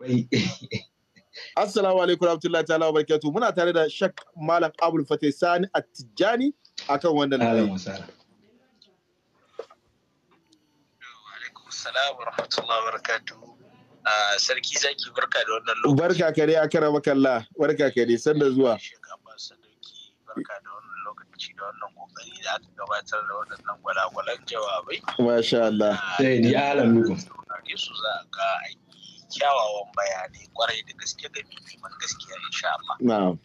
Assalamu alaikum rahmatullahi ta'ala wa barakatuh. Muna tare da Shak Malam Abul Fatih Sani at Attijani akan wannan layi. Assalamu rahmatullahi wa barakatuh. Ah, sarki zaki barka da wannan lokaci. Barka kare a kara makalla, barka kare sanda zuwa. Barka da wannan lokaci da wannan kokari da aka gabatar da wannan gwalagwalan jawabai. Masha Allah. Ah, Sai ni alamu. Su za a aiki. kyawawan bayanai kwarai da gaske ga neman gaskiya sha Allah.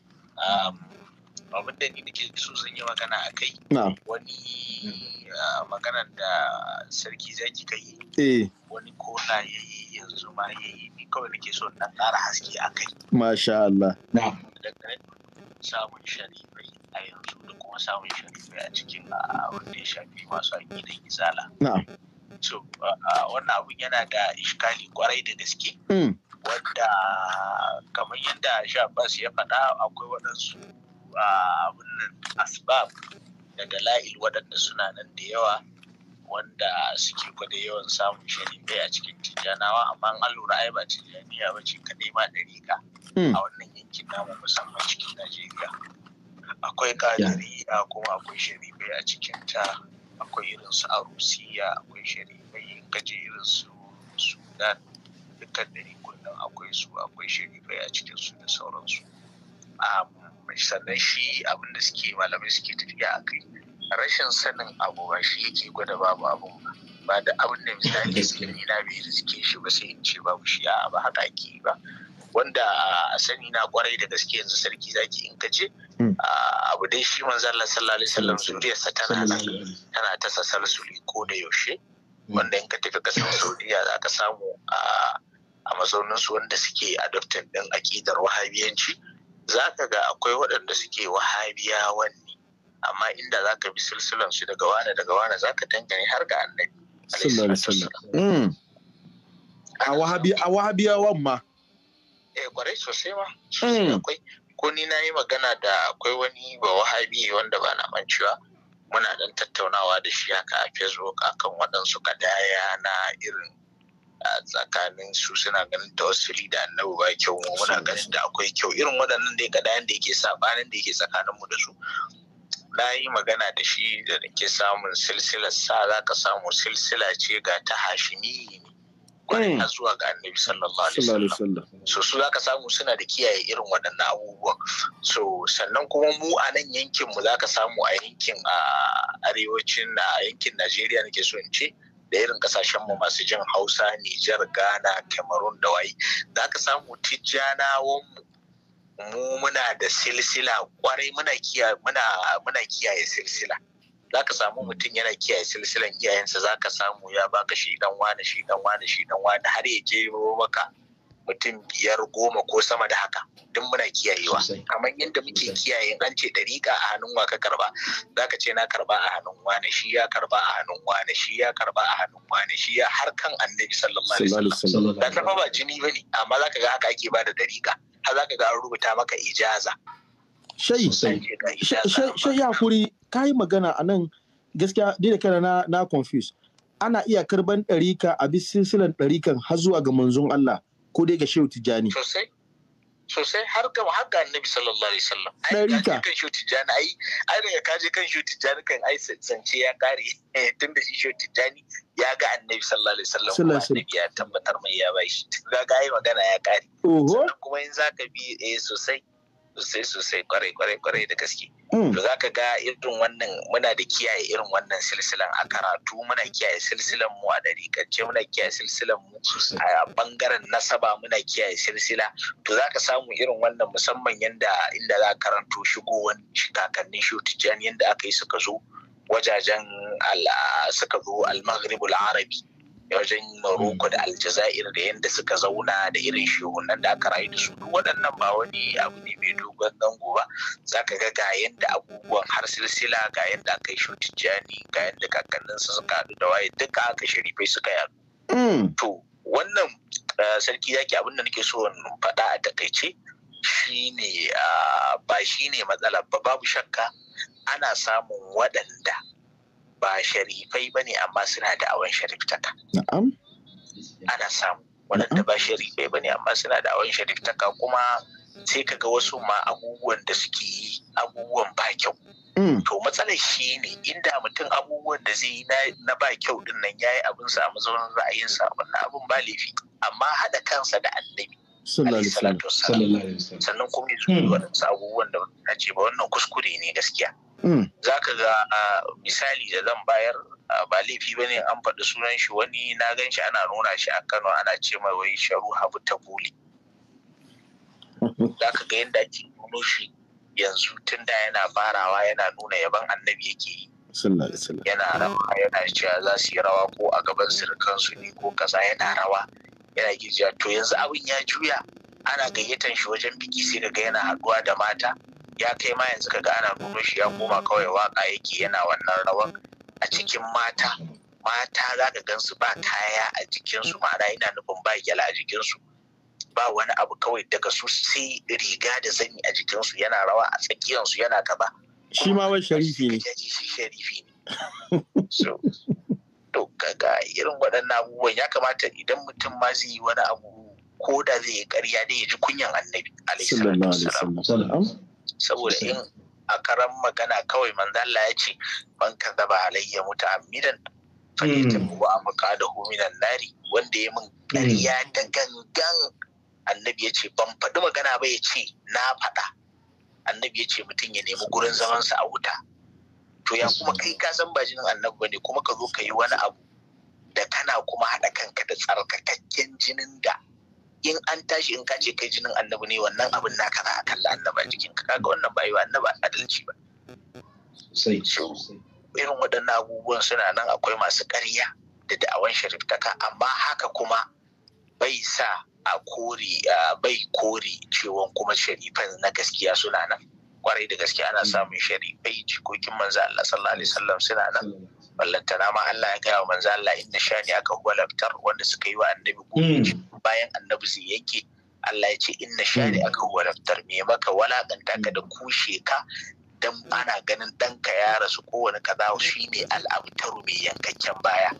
abin da ni nake so zan yi magana a kai wani maganar da sarki zaki ka yi eh. wani kona ya yi yanzu ma ya yi ni kawai nake so na ƙara haske a kai masha Allah samun sharifai a yanzu da kuma samun sharifai a cikin wanda ya shafi masu aƙidan Na'am. so wannan abun yana da ishkali kwarai da gaske hmm. wanda kamar yadda bas ya faɗa akwai waɗansu abun asbab daga la'il waɗanda suna nan da yawa wanda suke gwada yawan samun bai a cikin tijjanawa amma an lura ai ba tijjaniya ba ce kaɗai ma ɗari ka, hmm. a wannan yankin namu musamman cikin najeriya akwai kadiriya kuma akwai bai a cikin ta akwai irin su a rusiya akwai sharifai in ka je irin su sudan dukkan ɗari kullum akwai su akwai sharifai a cikin su da sauransu sannan shi abin da suke malamai suke tafiya a kai rashin sanin abu ba shi yake gwada babu abu, ba da abin da misali suke nuna bai suke shi ba sai in ce babu shi a ba haka ake ba wanda a sani na kwarai da gaske yanzu sarki zaki in kace hmm. abu dai shi manzo Allah sallallahu alaihi wasallam zuriyarsa tana nan tana ta sasalsuli ko da yaushe hmm. wanda in ka tafi kasar Saudiya za ka samu a mazaunin su wanda suke adoptin din akidar wahabiyanci za ka ga akwai waɗanda suke wahabiya wani amma inda za ka bi silsilan su daga wane daga wane za ka dangane har ga annabi hmm. a wahabiyawan ma eh kwarai sosai ma sosai hmm. akwai ko ni na yi magana da akwai wani ba wahabi wanda ba na mancewa muna dan tattaunawa da shi haka a facebook akan waɗansu kadaya na irin a tsakanin su suna ganin wasu da annabi ba kyau mu muna ganin da akwai kyau irin waɗannan dai kadayan da yake sabanin da yake tsakanin mu da su na yi magana da shi da ke samun silsilar sa za ka samu silsila ce ga ta hashimi kwarai na zuwa ga annabi sallallahu alaihi wasallam so su zaka samu suna da kiyaye irin waɗannan abubuwan so sannan kuma mu a nan yankin mu zaka samu a yankin a arewacin a yankin Najeriya nake so in ce da irin kasashen mu masu jin Hausa Nijar Ghana Cameroon da wai zaka samu tijjana mu mu muna da silsila kwarai muna kiyaye muna muna kiyaye silsila za ka samu hmm. mutum yana kiyaye silsilan iyayensa za ka samu ya baka shi dan wani shi dan wani shi dan wani har ya je maka mutum biyar goma ko sama da haka duk muna kiyayewa kamar yadda muke kiyaye an ce dariƙa a hannun wa ka karba za ka ce na karba a hannun wane shi ya karba a hannun wane shi ya karba a hannun wane shi ya har kan annabi sallallahu alaihi wasallam da ta ba jini bane amma ka ga haka ake ba da dariƙa har ka ga an rubuta maka ijaza shai shai ya kuri ka yi magana a nan gaskiya dai da kana na na confuse ana iya karban ɗarika a bisa silsilan ɗarikan har zuwa ga manzon Allah ko dai ga shehu tijjani sosai har ga har ga annabi sallallahu alaihi wasallam ai ka kan shehu tijjani ai ai daga ka je kan shehu tijjani kan ai sance ya kare eh, tun da shi shehu tijjani ya ga annabi sallallahu alaihi wasallam kuma annabi ya tabbatar mai ya bai shi ga ga ai magana ya kare oho kuma in zaka bi eh sosai sosai sosai kwarai kwarai kwarai da gaske hmm. to za ka ga irin wannan muna da kiyaye irin wannan silsilan a karatu muna kiyaye silsilan mu a dariƙance muna kiyaye silsilan mu a bangaren nasaba muna kiyaye silsila to za ka samu irin wannan musamman yanda inda za karanto wani, kakannin shutijan yanda aka yi suka zo wajajen suka zo al-maghrib arabi wajen maroko da Aljazair da yadda suka zauna da irin shehunan da aka rayu da su duk waɗannan ba wani abu ne mai dogon dango ba za ka ga ga yadda abubuwan har silsila ga yadda aka yi shotijani ga yadda kakanninsa suka haɗu da waye duka aka sharifai suka yaɗu. Mm. To wannan eh, sarki zaki abin da nake so in faɗa a takaice shine ah, ba shine matsala ba babu shakka ana samun waɗanda ba sharifai ba amma suna da awon Na'am. Ana samu waɗanda ba sharifai ba ne amma suna da awon shariftaka kuma sai ka ga wasu ma abubuwan da suke yi abubuwan ba kyau. Mm. To matsalar shi ne inda mutum abubuwan da zai yi na ba kyau din nan ya yi abin sa mazaunin sa wannan abin ba laifi amma haɗa kansa da annabi. Sannan kuma ya zuwa waɗansu abubuwan da ce ba wannan kuskure ne gaskiya. Mm. za ka ga misali da zan bayar ba laifi ba ne an faɗi sunan shi wani na gan shi ana nuna shi a kano ana ce mai wai sharu habu ta buli za ka ga yadda ake nuno shi yanzu tun da yana farawa yana nuna yaban annabi yake yi yana rawa yana cewa za su yi rawa ko a gaban su ne ko kaza yana rawa yana gijiya to yanzu abin ya juya ana gayyatan shi wajen biki sai ga yana haɗuwa da mata ya kai ma yanzu ka ga ana nuno shi ya koma kawai waka yake yana wannan rawan a cikin mata mata za ka gansu ba kaya a jikinsu ma'ana yana nufin ba gyala a jikinsu ba wani abu kawai daga su sai riga da zani a jikinsu yana rawa a tsakiyarsu yana gaba shi ma wai sharifi ne shi sharifi ne so to kaga irin waɗannan abubuwan ya kamata idan mutum ma zai yi wani abu ko da zai yi ƙarya dai ya ji kunyan annabi saboda in a karan magana kawai manzala ya ce man kadaba alayya muta'ammidan fa yatabu hmm. amaka da minan nari wanda ya min ƙarya hmm. da gangan annabi ya ce ban faɗi magana ba ya ce na faɗa annabi ya ce mutum ya nemi gurin zamansa a wuta to ya kuma kai ka san ba jinin annabi ba ne kuma ka zo ka yi wani abu da kana kuma haɗa kanka da tsarkakakken jinin da in an tashi in ka ce kai jinin annabi ne wannan abin na kalla annaba jikin ka kaga wannan bai wa annaba adalci ba sai irin waɗannan abubuwan suna nan akwai masu ƙarya da da'awan shirkaka amma haka kuma bai sa a kori a bai kori cewon kuma sharifan na gaskiya suna nan kwarai da gaskiya ana mm. samun sharifai jikokin manzo Allah sallallahu alaihi wasallam suna nan ballantana ma Allah ya gaya wa manzo Allah inna shani aka huwa wanda suka yi wa annabi gobe hmm. bayan annabi sai yake Allah ya ce inna shani hmm. aka huwa laftar me maka walakanta ka da kushe ka dan ana ganin ɗanka ya rasu kowane kaza shi ne al'abtaru mai yankakken baya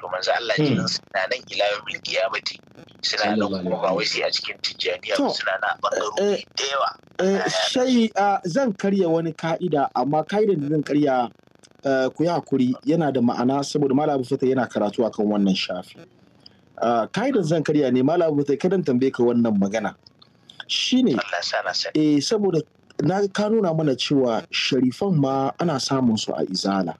to manzo Allah ji hmm. suna nan ila yawmin qiyamati suna nan kuma wai sai a cikin tijjaniya ba suna nan eh, da yawa eh, eh, sai ah, zan karya wani ka'ida amma ka'idan da zan karya Eh, ku yi hakuri yana da ma'ana saboda malam fata yana karatu akan wannan shafi eh, ka'idan zan karya ne malam fata kadan tambaye ka wannan magana shine eh saboda na ka nuna mana cewa sharifan ma ana samun su a izala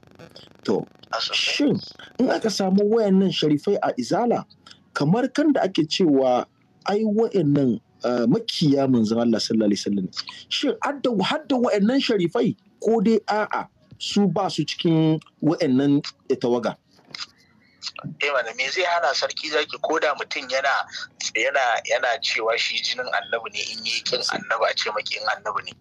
to shin in aka samu wayannan sharifai a izala kamar kan da ake cewa ai nan eh, makiya manzan Allah sallallahu alaihi wasallam shin hadda nan sharifai ko dai a'a su ba su cikin wa'annan tawaga. Eh, mana me zai hana sarki zaki ko da mutum yana cewa shi jinin annabi ne in yi kin annabi a ce makin annabi ne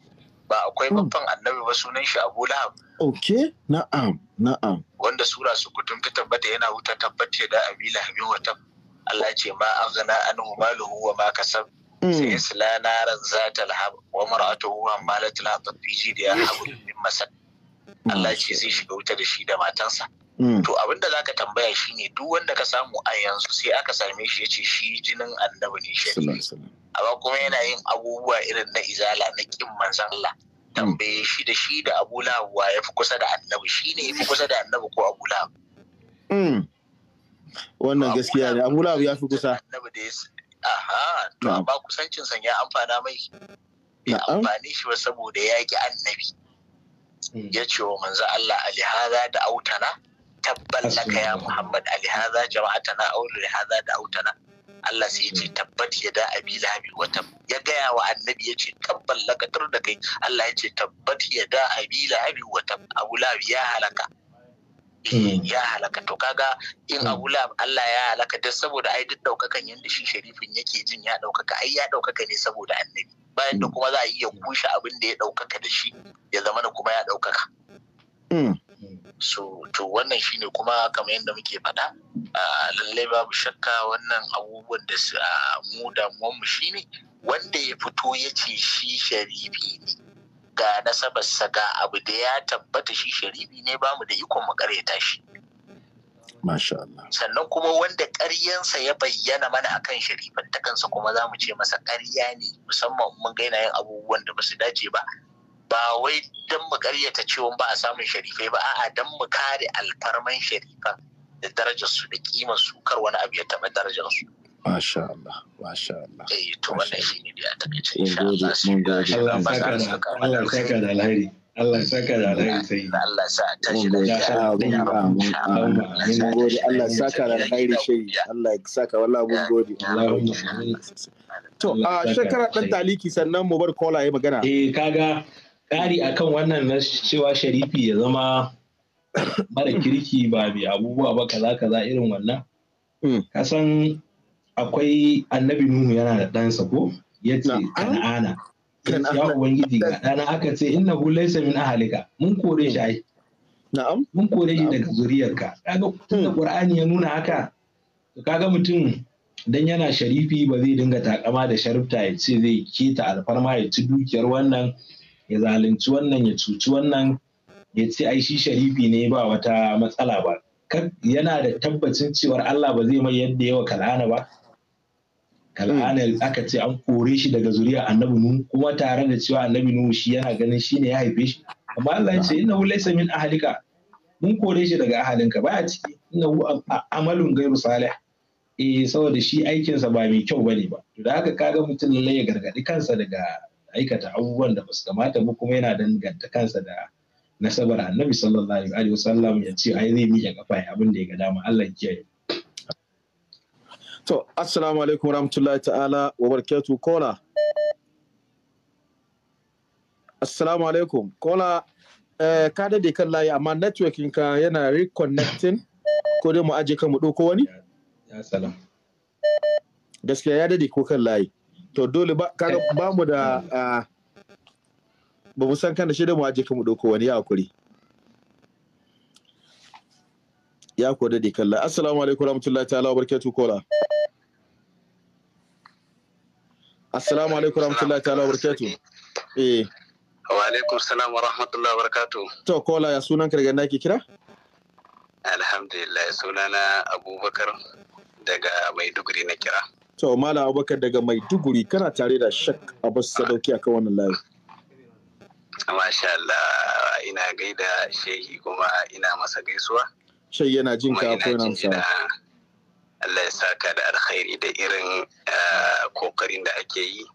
ba akwai hmm. babban annabi ba sunan shi Abu Lahab okay na'am na'am wanda sura su kutun ta tabbata yana wuta tabbata da Abi Lahab wata Allah ce ma azana anhu maluhu wa ma kasab hmm. sai isla za zata lahab wa mar'atuhu da hatab fi jidiha hablum min masad Allah ce zai shiga wuta da shi da matansa mm. to abin da zaka tambaya shi ne, duk wanda ka samu a yanzu sai aka same shi ya ce shi jinin annabi ne shi amma kuma yana yin abubuwa irin na izala na kin manzon Allah mm. tambaye shi da shi da Abu ya fi kusa da annabi shi ne ya fi kusa da annabi ko Abu mm. wannan gaskiya ne Abu ya fi kusa aha to amma kusancin sa ya amfana mai ya amfane shi saboda ya ki annabi Mm. ya ce wa manzo Allah alihaza da autana tabbal laka ya Muhammad alihaza jama'atana aw alihaza da autana Allah sai ya ce mm. tabbat ya da abi lahabi ya gaya wa annabi ya ce tabbal laka tur da kai Allah ya ce tabbat ya da abi lahabi abu lahabi ya halaka ya halaka to kaga in hmm. abu lab Allah ya halaka duk saboda ai duk daukakan yanda shi sharifin yake jin ya daukaka ai ya daukaka ne saboda annabi bayan da hmm. kuma za a iya kushe abin da ya daukaka da shi ya zama da kuma ya daukaka hmm. so to wannan shine kuma kamar yadda muke faɗa lallai babu shakka wannan abubuwan da su mu mu shine wanda ya fito ya ce shi sharifi ne ga nasabarsa ga abu da ya tabbata shi sharibi ne bamu da ikon mu karyata shi Sannan kuma wanda ƙaryansa ya bayyana mana akan sharifan ta kansa kuma za mu ce masa ƙarya ne musamman mun ga yin abubuwan da ba su dace ba. Ba wai don mu ƙaryata cewa ba a samun sharifai ba, a'a don mu kare alfarman sharifan da darajarsu da kimar su kar wani abu ya taɓa darajarsu. Masha Allah, Masha Allah. Eh, to wannan shi ne a takaice. Insha Allah. saka da Allah saka da alheri. Allah ya saka da alheri sai. Allah sa shi da alheri. Mun gode Allah ya saka da alheri sai. Allah ya saka wallahi mun gode. To, a shekara dan taliki sannan mu bar kola ya magana. Eh, kaga ƙari akan wannan na cewa Sharifi ya zama mara kirki ba mai abubuwa ba kaza kaza irin wannan. Hmm. Kasan akwai annabi nuhu yana da ɗansa ko ya ce kan'ana ya ubangiji ga ɗana aka ce inna hu laysa min ahalika mun kore shi ai mun kore shi daga zuriyarka kaga tunda hmm. qur'ani ya nuna haka kaga mutum dan yana sharifi ba zai dinga takama da sharifta ya ce zai keta alfarma ya ci dukiyar wannan ya zalunci wannan ya cuci wannan ya ce ai shi sharifi ne ba wata matsala ba yana da tabbacin cewar Allah ba zai mai yadda yawa kal'ana ba kal'ana aka ce an kore shi daga zuriya annabi nuhu kuma tare da cewa annabi nuhu shi yana ganin shi ne ya haife shi amma Allah ya ce innahu laysa min ahlika mun kore shi daga ahalinka baya ciki innahu amalun gairu salih eh saboda shi aikinsa ba mai kyau bane ba to da haka ga mutum lalle ya gargadi kansa daga aikata abubuwan da basu kamata ba kuma yana danganta kansa da nasabar annabi sallallahu alaihi wasallam ya ce ai zai miƙe kafa abin da ya ga dama Allah ya kiyaye To, assalamu alaikum rahmatullahi ta'ala wa barakatu kola. Assalamu alaikum. Kola, eh, ka dade kan layi amma networking ka yana reconnecting ko dai mu aje kan mu ɗauko wani? Ya salam. Gaskiya ya dade ko kan layi. To dole ba kaga ba mu da ah, ba mu san kan da shi da mu aje kan mu ɗauko wani ya hakuri. ya ko dade kalla assalamu alaikum warahmatullahi ta'ala wabarakatuh kola assalamu alaikum warahmatullahi ta'ala wabarakatuh eh wa alaikum salam wa rahmatullahi wa barakatuh to kola ya sunan ka daga inda ke kira alhamdulillah sunana abubakar daga maiduguri na kira to mala abubakar daga maiduguri kana tare da shak abbas sadauki akan wannan layi masha Allah ina gaida shehi kuma ina masa gaisuwa shai yana jin ka ko yana amsa Allah ya saka da alkhairi da irin eh, kokarin da ake yi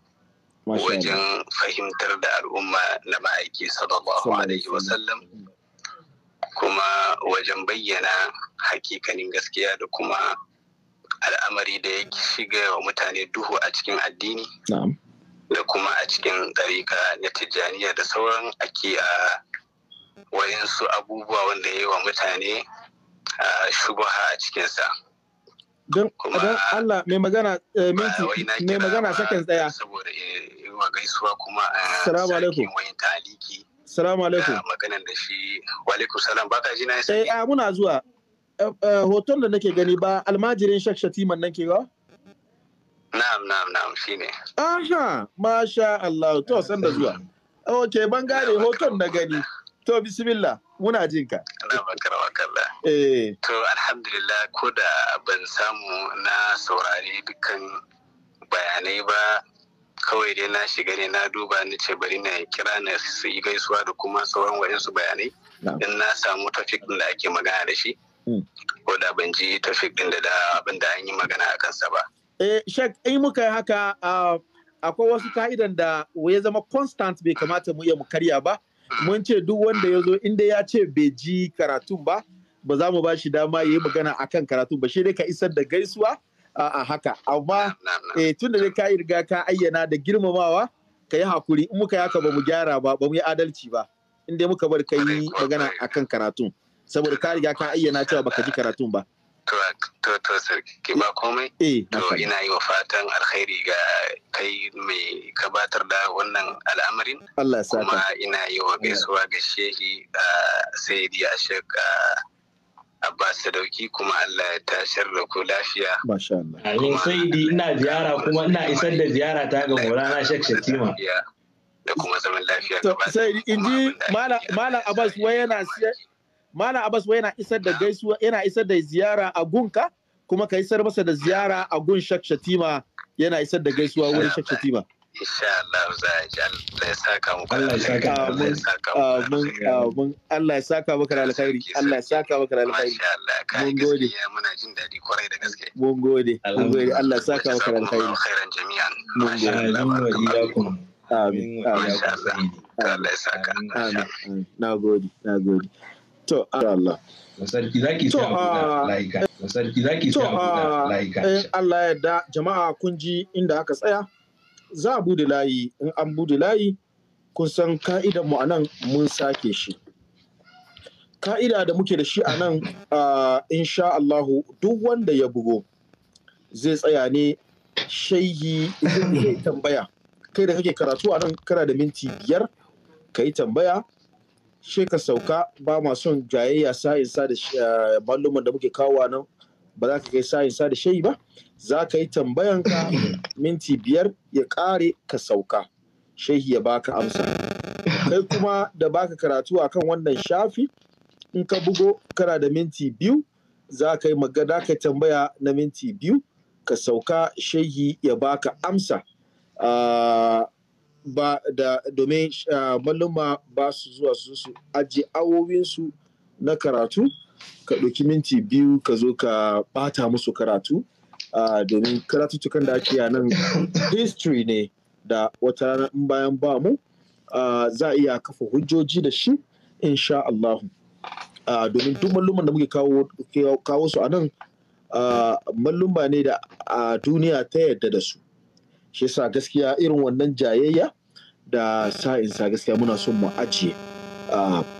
wajen fahimtar da al'umma na ma'aiki sallallahu alaihi wasallam kuma wajen bayyana hakikanin gaskiya da kuma al'amari da ya shiga wa mutane duhu a cikin addini da kuma a cikin tsarika na tijjaniya da sauran ake a ah, wayansu abubuwa wanda ya yi wa mutane shubaha a cikinsa. Don Allah mai magana eh, minti mai magana sakan tsaya. Saboda wa eh, gaisuwa kuma eh, a alaikum. Wani taliki. Salamu alaikum. Maganan da shi wa alaikum salam ka ji na yasa. Eh a muna zuwa. Hoton da nake gani ba almajirin Shak Shatiman nan ke ba? Na'am na'am na'am ne. Aha, masha Allah to san da zuwa. Okay ban gane hoton na gani. To bismillah muna jin ka. Eh. To alhamdulillah ko da ban samu na saurari dukkan bayanai ba kawai dai na shiga ne na duba ni ce bari na kira na su yi gaisuwa da kuma sauran waɗansu bayanai. In na samu tafik da ake magana da shi. Hmm. Ko da ban ji tafik din da abin da an yi magana a kansa ba. Eh, Shek, in muka haka ah, akwai wasu ka'idan da ya zama constant bai kamata mu iya mu karya ba. mun ce duk wanda ya zo inda ya ce bai ji karatun ba ba za mu ba shi dama ya yi magana a kan karatun ba shi dai ka isar da gaisuwa a haka amma eh, tun da dai ka riga ka ayyana da girmamawa ka yi hakuri in muka yaka ba mu gyara ba ba mu yi adalci ba inda muka bar ka yi magana kan karatun saboda ka riga ka ayyana cewa baka ji karatun ba to sarki ba komai eh, to ina yi wa fatan alkhairi ga kai mai gabatar da wannan al'amarin kuma ina yi wa gaisuwa ga shehi a sayyidi a shekka Abbas Sadauki kuma Allah ya tashar da ku lafiya. Masha Allah. Amin sayyidi ina ziyara kuma ina isar da ziyara ta ga Maulana Sheikh Shatima. Da kuma zaman lafiya gaba. Sayyidi inji Malam Abbas wai yana Malam Abbas wai yana isar da gaisuwa yana isar da ziyara a gunka kuma ka isar masa da ziyara a gun Shakshatima yana isar da gaisuwa wurin Shakshatima. Insha Allah za a ji Allah ya saka muku Allah ya saka muku Allah ya saka da alkhairi Allah ya saka maka da alkhairi mun gode muna jin kwarai da gaske mun gode mun gode Allah ya saka maka da alkhairi khairan jami'an mun gode amin amin Allah ya saka amin na gode na gode To, ah, Allah. Sarki zaki a ah, ah, Allah ya da jama'a kun ji inda aka tsaya. Za a bude layi in an bude layi kun san ka'idan mu nan mun sake shi. Ka'ida da muke da shi a nan insha Allahu duk wanda ya bugo zai tsaya ne shayi zai tambaya. Kai da kake karatu a nan kana da minti biyar ka yi tambaya shi ka sauka ba ma son jayayya sa'in sa da malluman eh, da muke kawo nan ba za ka kai sa'in sa da shayi ba za ka yi tambayan ka minti biyar ya kare ka sauka shehi ya baka amsa kai kuma da baka karatu akan wannan shafi in ka bugo kana da minti biyu za ka yi magana ka tambaya na minti biyu ka sauka shehi ya baka amsa ah, ba da domin ah, malluma ba su zuwa su su ajiye awowinsu na karatu ka ɗauki minti biyu ka zo ka bata musu karatu ah, domin karatuttukan da ake nan history ne da wata rana in bayan ba mu ah, za a iya kafa hujjoji da shi insha Allah domin duk malluman da muke kawo su a nan malluma ne da a duniya ta yarda da su shi sa gaskiya irin wannan jayayya da sa gaskiya muna son mu ajiye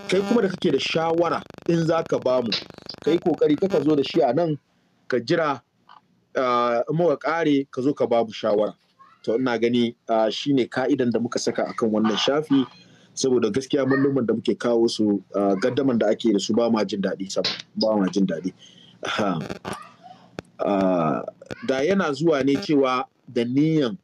kai kuma da kake da shawara in za ka ba mu kai kokari kaka zo da shi a nan ka jira muka kare ka zo ka ba mu shawara to ina gani shine ka'idan da muka saka akan wannan shafi saboda gaskiya malluman da muke kawo su gaddaman da ake da su ba ma jin daɗi ba ma jin daɗi da yana zuwa ne cewa da niyan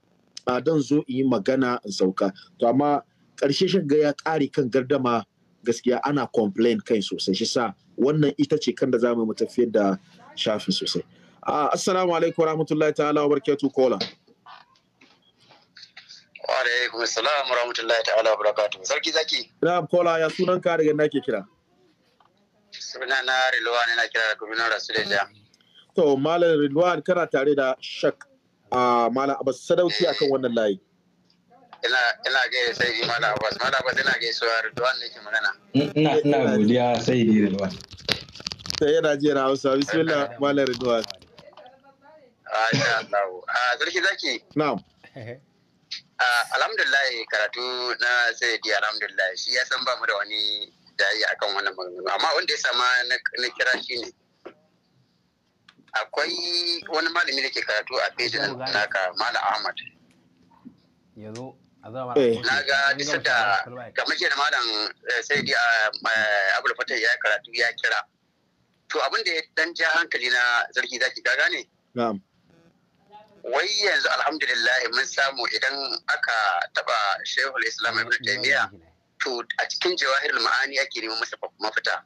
ba zo in yi magana in sauka to amma ƙarshe shi ga ya ƙare kan gardama gaskiya ana complain kai sosai shi sa wannan ita ce kan da za mu tafiyar da shafin sosai assalamu alaikum warahmatullahi ta'ala wa barakatuh kola wa alaikum assalam warahmatullahi ta'ala wa barakatuh sarki zaki na'am kola ya sunan ka daga nake kira suna na rilwan ina kira da kuminan rasulullah to malam rilwan kana tare da shak a ah, Malam Abbas Sadauki akan wannan layi. Ina ina yi sai Malam Abbas, Malam Abbas ina ga suwa Ridwan ne ke magana. Ina godiya sai yi Ridwan. Sai yana na Hausa, bismillah Malam Ridwan. Masha ah, Allah. Ah, zaki. Na'am. Alhamdulillah karatu na sai di alhamdulillah shi ya san ba mu da wani dayi akan wannan maganganu amma wanda ya sama na kira shi ne. akwai wani malami da ke karatu a fejin naka malam ahmad yanzu eh. na ga bisa da kamar da malam eh, sai di abu ah, da ya karatu ya kira to abin da ya dan ja hankali na zargi zaki ka ne wai yanzu alhamdulillah mun samu idan aka taba shehu islam ibn taymiya to a cikin jawahirul ma'ani ake neman masa mafita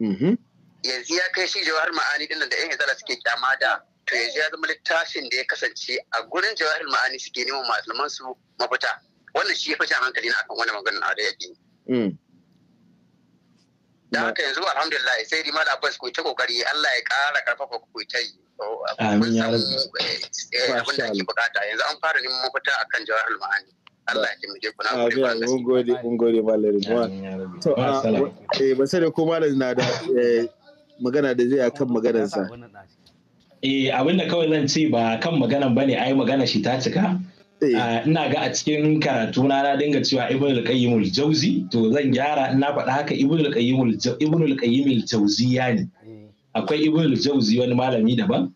mm-hmm. yanzu ya kai shi jawahar ma'ani din da yan izala suke kyama da to yanzu ya zama littafin da ya kasance a gurin jawahar ma'ani suke neman malaman su mafita wannan shi ya fashe hankali na akan wani maganar a da yaƙi mm. da haka yanzu alhamdulillah sai rima da abbas ku ta kokari Allah ya ƙara karfafa ku ta yi amin ya eh, eh, abin da ake bukata yanzu an fara neman mafita akan jawahar ma'ani Allah ya taimake ku kuna gode ba mun gode ba ba malam Ridwan to ah, eh ba sai da ko malam na da eh, magana da zai kan maganarsa. Eh abinda kawai zan ce ba kan maganan ne, ai magana shi ta cika. Eh. Ah, ina ga a cikin karatu na na dinga cewa Ibn al qayyimul to zan gyara ina faɗa haka Ibn al al-Jauzi ya ne. Eh. Akwai Ibn al-Jauzi wani malami daban.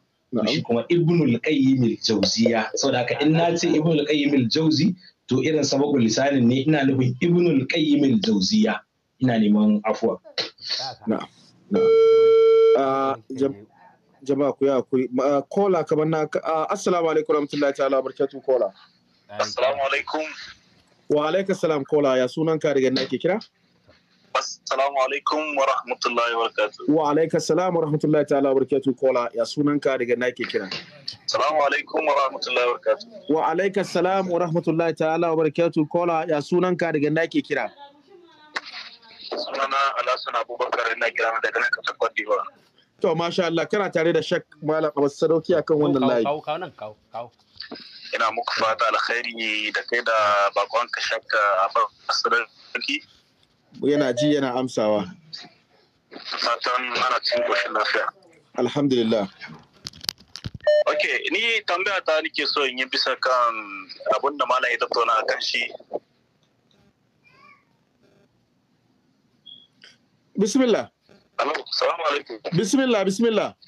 Shi kuma Ibn al qayyimul jauziya saboda haka in na ce Ibn al qayyimul to irin sabakul lisanin ne ina nufin Ibn al qayyimul jauziya ina neman afuwa. Na'am. Ah, jama'a ku ya kuri kola kamar na ah, assalamu alaikum rahmatullahi ta'ala barkatu kola assalamu alaikum wa alaika salam kola ya sunan ka daga nake kira assalamu alaikum wa rahmatullahi wa barakatuh wa alaika salam wa rahmatullahi ta'ala wa kola ya sunan ka daga nake kira assalamu alaikum wa rahmatullahi wa barakatuh wa alaika salam wa rahmatullahi ta'ala wa barakatuh kola ya sunan ka daga nake kira sunana Alhassan Abubakar ina kira daga nan kasar Cote To masha Allah kana tare da shak malam Abbas Sadauki akan wannan layi. Kawo kawo nan kawo kawo. Ina muku fata alkhairi da kai da bakon ka shak Abbas Sadauki. Yana ji yana amsawa. Fatan ana cin goshin lafiya. Alhamdulillah. Ok, ni tambaya ta nake so in yi bisa kan abin da malam ya tattauna kan shi bismillah Hello, salamu alaikum. Bismillah, bismillah.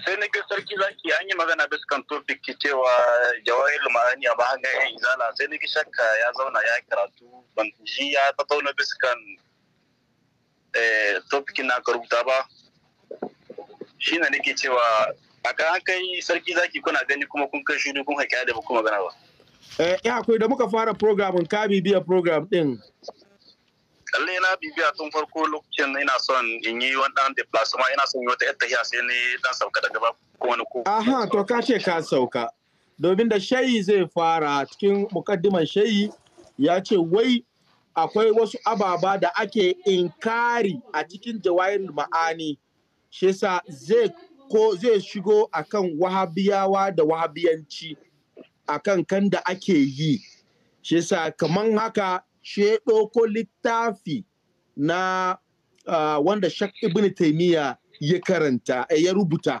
Sai na ga sarki zaki an yi magana biskan topic cewa jawahir ma'ani a mahangar yan izala sai na ga shakka ya zauna ya karatu ban ji ya tattauna biskan eh, topic na karuta ba. Shi na nake cewa a kan kai sarki zaki kuna gani kuma kun kai shiru kun haƙi da ba kuma gana ba. Eh, akwai da muka fara program ka biya program din. kalle na bibiya tun farko lokacin ina son in yi wani dan diplasma ina son yi wata yadda tahiya sai ni dan sauka daga ba ko wani ko aha to ka ce ka sauka domin da shayi zai fara cikin mukaddiman shayi ya ce wai akwai wasu ababa da ake inkari a cikin jawayin ma'ani shi yasa zai ko zai shigo akan wahabiyawa da wahabiyanci akan kan da ake yi shi yasa kaman haka shi ɗoko littafi na wanda shak ibn taimiyya ya karanta eh, ya rubuta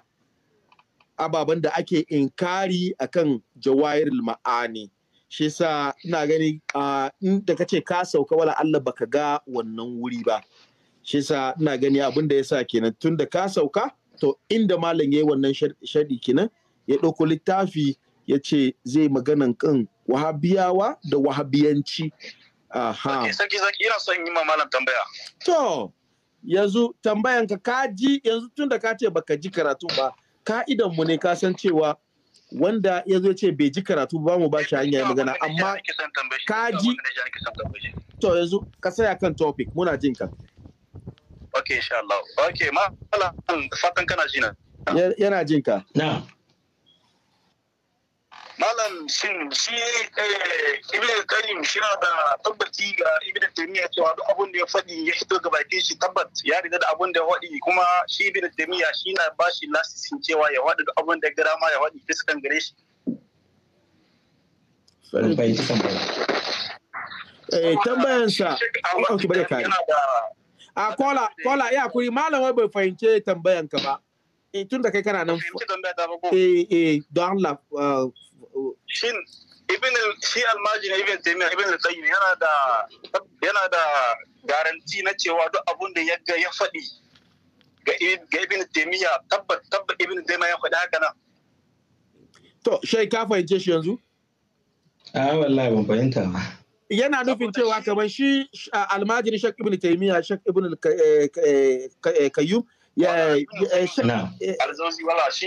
ababen da ake inkari kan jawahir ma'ani shi sa ina gani in da ce ka sauka wala Allah baka ga wannan wuri ba shi sa ina gani abin da ya sa kenan tun da ka sauka to inda malam yi wannan shaɗi kenan ya ɗauko littafi ya ce zai maganan kan wahabiyawa da wahabiyanci Aha. Sarki saki ina son yi ma malam tambaya. To, yanzu tambayan ka ka ji yanzu tun da ka ce baka ji karatu ba, ka'idan mu ne ka san cewa wanda ya zo ce bai ji karatu ba mu ba shi hanya ya magana amma ka ji to yanzu ka saya kan topic muna jin ka. Okay, insha Allah. Okay, ma, fatan kana jina. Yana jin ka. Na'am. malam shin shi eh, ibn karim shi na da tabbaci ga ibn taymiya cewa duk abin da ya faɗi ya fito ga baki shi tabbat ya riga da abin da ya faɗi kuma shi ibn taymiya shi na ba shi lasisin cewa ya faɗi duk abin da ya gara ma ya faɗi fiskan gare shi Eh, tambayansa, ok, bari ka A kola, kola, ya kuri, malam wai bai fahimce ka ba. Eh, Tun da kai kana nan. Eh, eh, don la shin ibn shi almajin ibn taymiya ibn al-qayyim yana da yana da garanti na cewa duk abun da yadda ya faɗi ga ibn taymiya tabbat tabbat ibn taymiya ya faɗi haka nan to shai ka fahimce shi yanzu a wallahi ban fahimta ba yana nufin cewa kamar shi almajiri shak ibn taymiya shak ibn eh, eh, kayyum ya eh,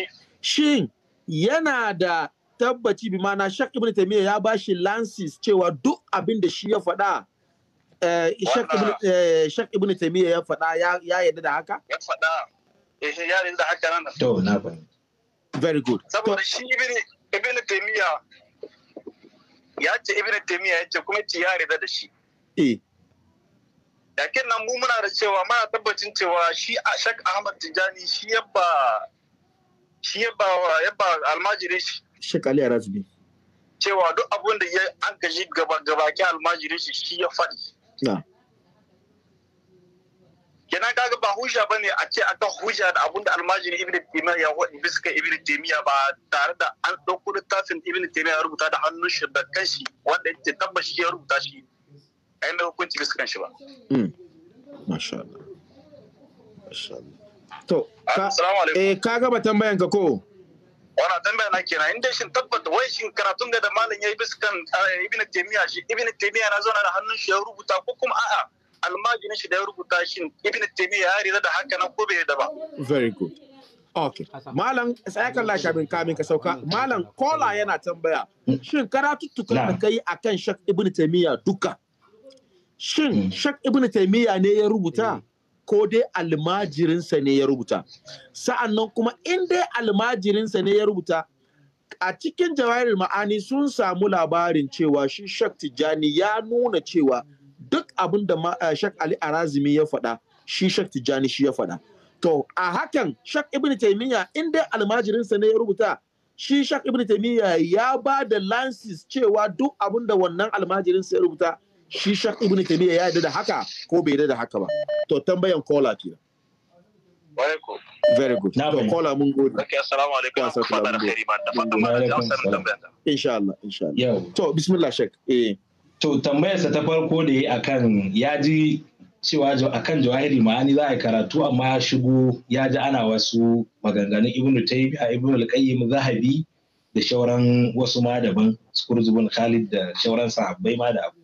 shi yana da tabbaci bi mana shak ibn taymiya ya bashi lansis cewa duk abin da shi ya faɗa eh, shak ibn eh, taymiya ya faɗa ya yadda da haka ya faɗa eh ya yadda da haka nan to na bani very good saboda shi ibn ibn taymiya ya ce ibn taymiya ya ce kuma ci ya yarda da shi eh yakin nan mu muna da cewa muna tabbacin cewa shi shak ahmad tijani shi ya ba shi ya ba almajirin shi Sheikh Ali Arazbi. Cewa duk abin da ya an gaji gaba gabaki almajiri shi shi ya faɗi. Kenan kaga ba hujja ba ne a ce akan hujja da abin da almajiri Ibn Taymiyyah ya faɗi bisa Ibn Taymiyyah ba tare da an ɗauko littafin Ibn Taymiyyah ya rubuta da hannun shi da kanshi wanda ya shi ya rubuta shi. A yi mai hukunci bisa kanshi ba. Hmm. Masha Allah. Masha Allah. To, ka, eh, ka gaba tambayanka ko? wana tambaya na kenan inda shin tabbata wai shin karatun da da malam ya yi biskan eh, ibn taymiya shi ibn taymiya na zauna da hannun shi ya rubuta ko kuma a'a almajinin shi da ya rubuta shi ibn taymiya ya rida da haka nan ko bai da ba very good okay malam sai kan lashe bin kamin ka sauka malam kola yana tambaya shin karatuttukan da kai akan shak ibn taymiya duka shin hmm. shak ibn taymiya ne ya rubuta hmm. ko dai almajirinsa ne ya rubuta sa'an nan kuma in dai almajirinsa ne ya rubuta a cikin jawahirul ma'ani sun samu labarin cewa shi shak tijjani ya nuna cewa duk abin da eh, shak ali arazimi ya faɗa shi shak tijjani shi ya faɗa to a hakan shak ibn taimiyya in dai almajirinsa ne ya rubuta shi shak ibn taimiyya ya ba da lansis cewa duk abin da wannan almajirinsa ya rubuta shi shak ibn taymiya ya yarda da haka ko bai yarda da haka ba to tambayan kola kenan very good to kola mun gode okay assalamu alaikum wa fadar khairi ma da fatan ma da amsar tambayan insha Allah insha Allah to bismillah shek eh to tambayarsa ta farko da ya akan ya ji cewa akan jawahiri ma'ani za a karatu amma ya shigo ya ji ana wasu maganganun ibnu taymiya ibnu al-qayyim zahabi da shauran wasu ma daban sukurzubun khalid da shauran sahabbai ma da abu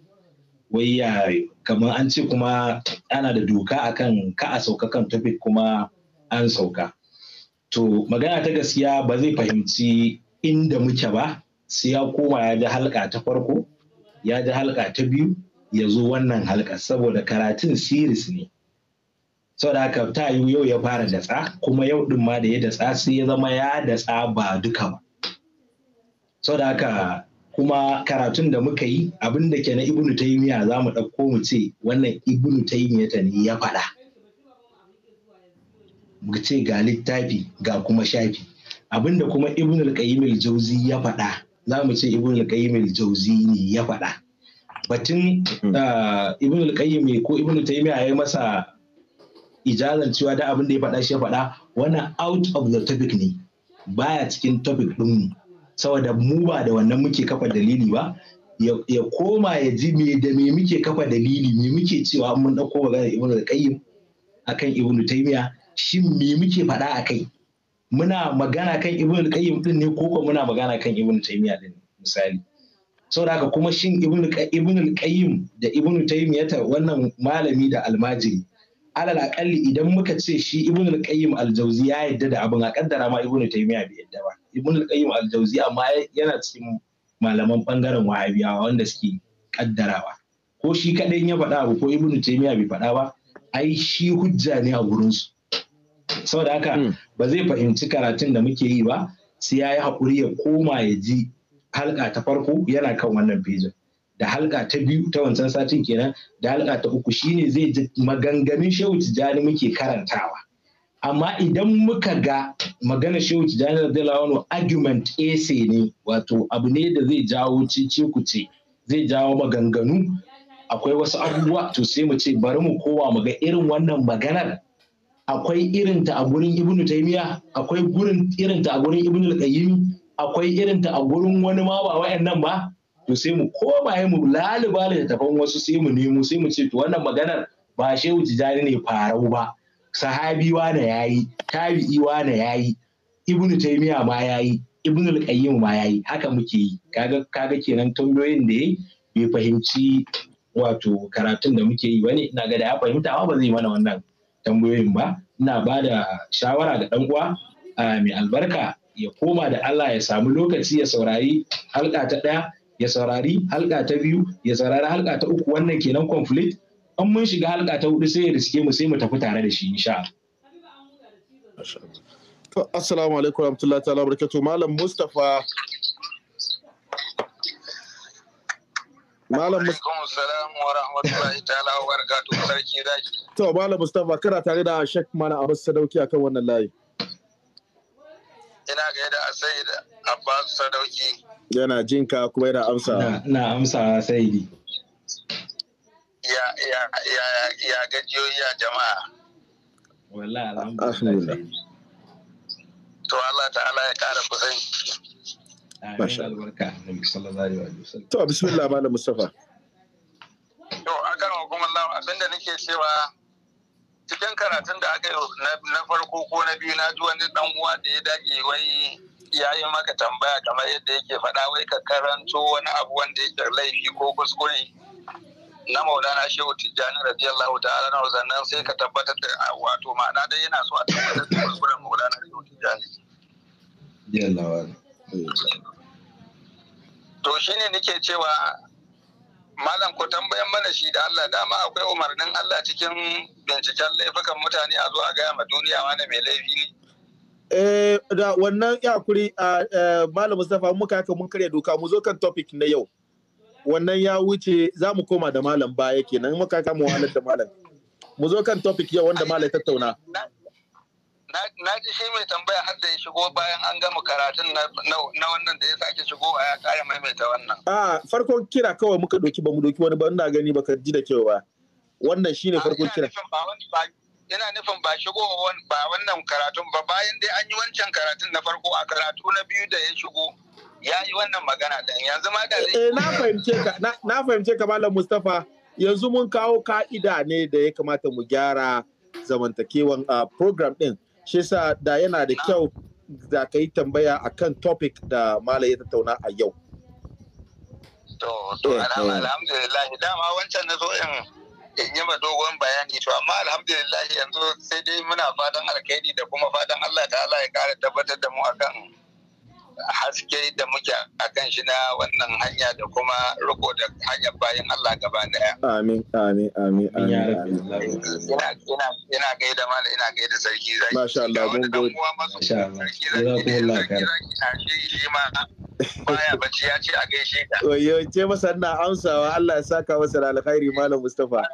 wai ya kamar an ce kuma ana da doka akan ka a sauka kan topic kuma an sauka to magana ta gaskiya ba zai fahimci inda muke ba sai ya koma ya ji halka ta farko ya ji halka ta biyu ya zo wannan halka saboda karatun series ne saboda haka ta yi yau ya fara datsa kuma yau ɗin ma da ya datsa sai ya zama ya datsa ba duka ba saboda haka kuma karatun da muka yi abin da ke na ibnu taymiya za mu ɗauko mu ce wannan ibnu taymiya ta ne ya faɗa mu ce ga littafi ga kuma shafi abin da kuma ibnu al-qayyim al-jauzi ya faɗa za mu ce ibnu al-qayyim al-jauzi ne ya faɗa batun mm-hmm. ah, ibnu al-qayyim ko ibnu taymiya ya masa ijazan cewa da abin da ya faɗa shi ya faɗa wannan out of the topic ne baya cikin topic ɗin mu saboda mu ba da wannan muke kafa dalili ba ya koma ya ji me da me muke kafa dalili me muke cewa mun dauko magana ibnu qayyim akan ibnu taymiya shin me muke faɗa akai muna magana kan ibnu qayyim din ne ko ko muna magana kan ibnu taymiya din misali saboda haka kuma shin ibnu qayyim da ibnu ta wannan malami da almajiri alal akalli idan muka ce shi ibn al-qayyim al jawzi ya yadda da abin a kaddara ma ibn taymiya bai yadda ba ibn al-qayyim al jawzi amma yana cikin malaman bangaren wahabiyawa wanda suke kaddarawa ko shi kadai ya faɗa ba ko ibn taymiya bai faɗa ba ai shi hujja ne a gurin su saboda haka hmm. ba zai fahimci karatun da muke yi ba sai ya yi haƙuri ya koma ya ji halka ta farko yana kan wannan fejin da halka ta biyu ta wancan satin kenan da halka ta uku shine zai ji maganganun shehu tijjani muke karantawa amma idan muka ga magana shehu tijjani dala wani argument ace ne wato abu ne da zai jawo cece ku ce zai jawo maganganu akwai wasu abubuwa to sai mu ce bari mu kowa mu ga irin wannan maganar akwai irinta a gurin ibnu taymiya akwai gurin irinta a gurin ibnu al akwai irinta a gurin wani ma ba wa'annan ba to sai mu koma mu laliba tafan wasu sai mu nemo sai mu ce to wannan maganar ba shehu jari ne farau ba sahabi wane yayi tabi'i wane yayi ibnu taymiya ma yayi ibnu al-qayyim ma yayi haka muke yi kaga kaga kenan tambayoyin da yayi bai fahimci wato karatun da muke yi bane ina ga da ya fahimta amma ba zai mana wannan tambayoyin ba ina ba da shawara ga dan uwa ah, mai albarka ya koma da Allah ya samu lokaci ya saurari halka ta ɗaya. ya saurari halka ta biyu ya saurari halka ta uku wannan kenan conflict an mun shiga halka ta hudu sai ya riske mu sai mu tafi tare da shi insha Allah assalamu alaikum warahmatullahi ta'ala barakatuh malam mustafa Malam Mustafa. Salamu wa rahmatullahi ta'ala wa barakatuhu sarki zaki. To Malam Mustafa kana tare da Sheikh Mana Abbas Sadauki akan wannan layi. Ina gaida da Sayyid Abbas Sadauki yana jin ka kuma yana amsa na amsa sai ya ya ya ya ya jama'a wallahi alhamdulillah to Allah ta'ala ya kara kusanci Masha albarka Annabi sallallahu alaihi wasallam to bismillah malam Mustafa to akan hukumar Allah abinda nake cewa cikin karatun da aka yi na farko ko na biyu na ji wani dan uwa da ya dage wai ya yi maka tambaya kamar yadda yake faɗa wai ka karanto wani abu wanda yake laifi ko kuskure na maulana shehu tijjani radiyallahu ta'ala na sannan sai ka tabbatar da wato ma'ana dai yana so a tabbatar da kuskuren maulana shehu tijjani to shine nake cewa malam ku tambayan mana shi da Allah dama akwai umarnin Allah cikin binciken laifukan mutane a zo a gaya ma duniya wani mai laifi ne Eh, da wannan yakuri a eh, Malam Mustapha muka haka mun karya doka mu zo kan topic na yau. Wannan ya wuce za mu koma da malam baya kenan muka haka mu wahalar da malam. Mu zo kan topic yau wanda malam tattauna. Na ji shi mai tambaya har da ya shigo bayan an gama karatun na wannan da ya sake shigo a ya kare maimaita wannan. A farkon kira kawai muka doki ba mu doki wani ba ina gani baka ji da kyau ba. Wannan shine farkon kira. yana nufin ba shigo ba wannan karatun ba bayan dai an yi wancan karatun na farko a karatu na biyu da ya shigo ya yi wannan magana ɗin yanzu ma eh, na fahimce ka malam Mustapha yanzu mun kawo ka'ida ne da ya kamata mu gyara zamantakewan a ah, program ɗin shi sa da yana da kyau da ka yi tambaya a kan topic da malam ya tattauna a yau. To, to, eh, eh. alhamdulillah, dama wancan na so in in yi dogon bayani to amma alhamdulillah yanzu sai dai muna fatan alkhairi da kuma fatan Allah Ta Allah ya kare tabbatar da mu akan haske da muke akan shi na wannan hanya da kuma riko da hanyar bayan Allah gaba daya. Amin amin amin amin. Ina ina gaida mala ina gaida sarki zaki. Masha Allah mun gode. Masha Allah. Jazakumullahu khair. Shi ma baya bacci ya ce a gaishe ka. Oyo ce masa ina amsawa Allah ya saka masa da alkhairi malam Mustafa.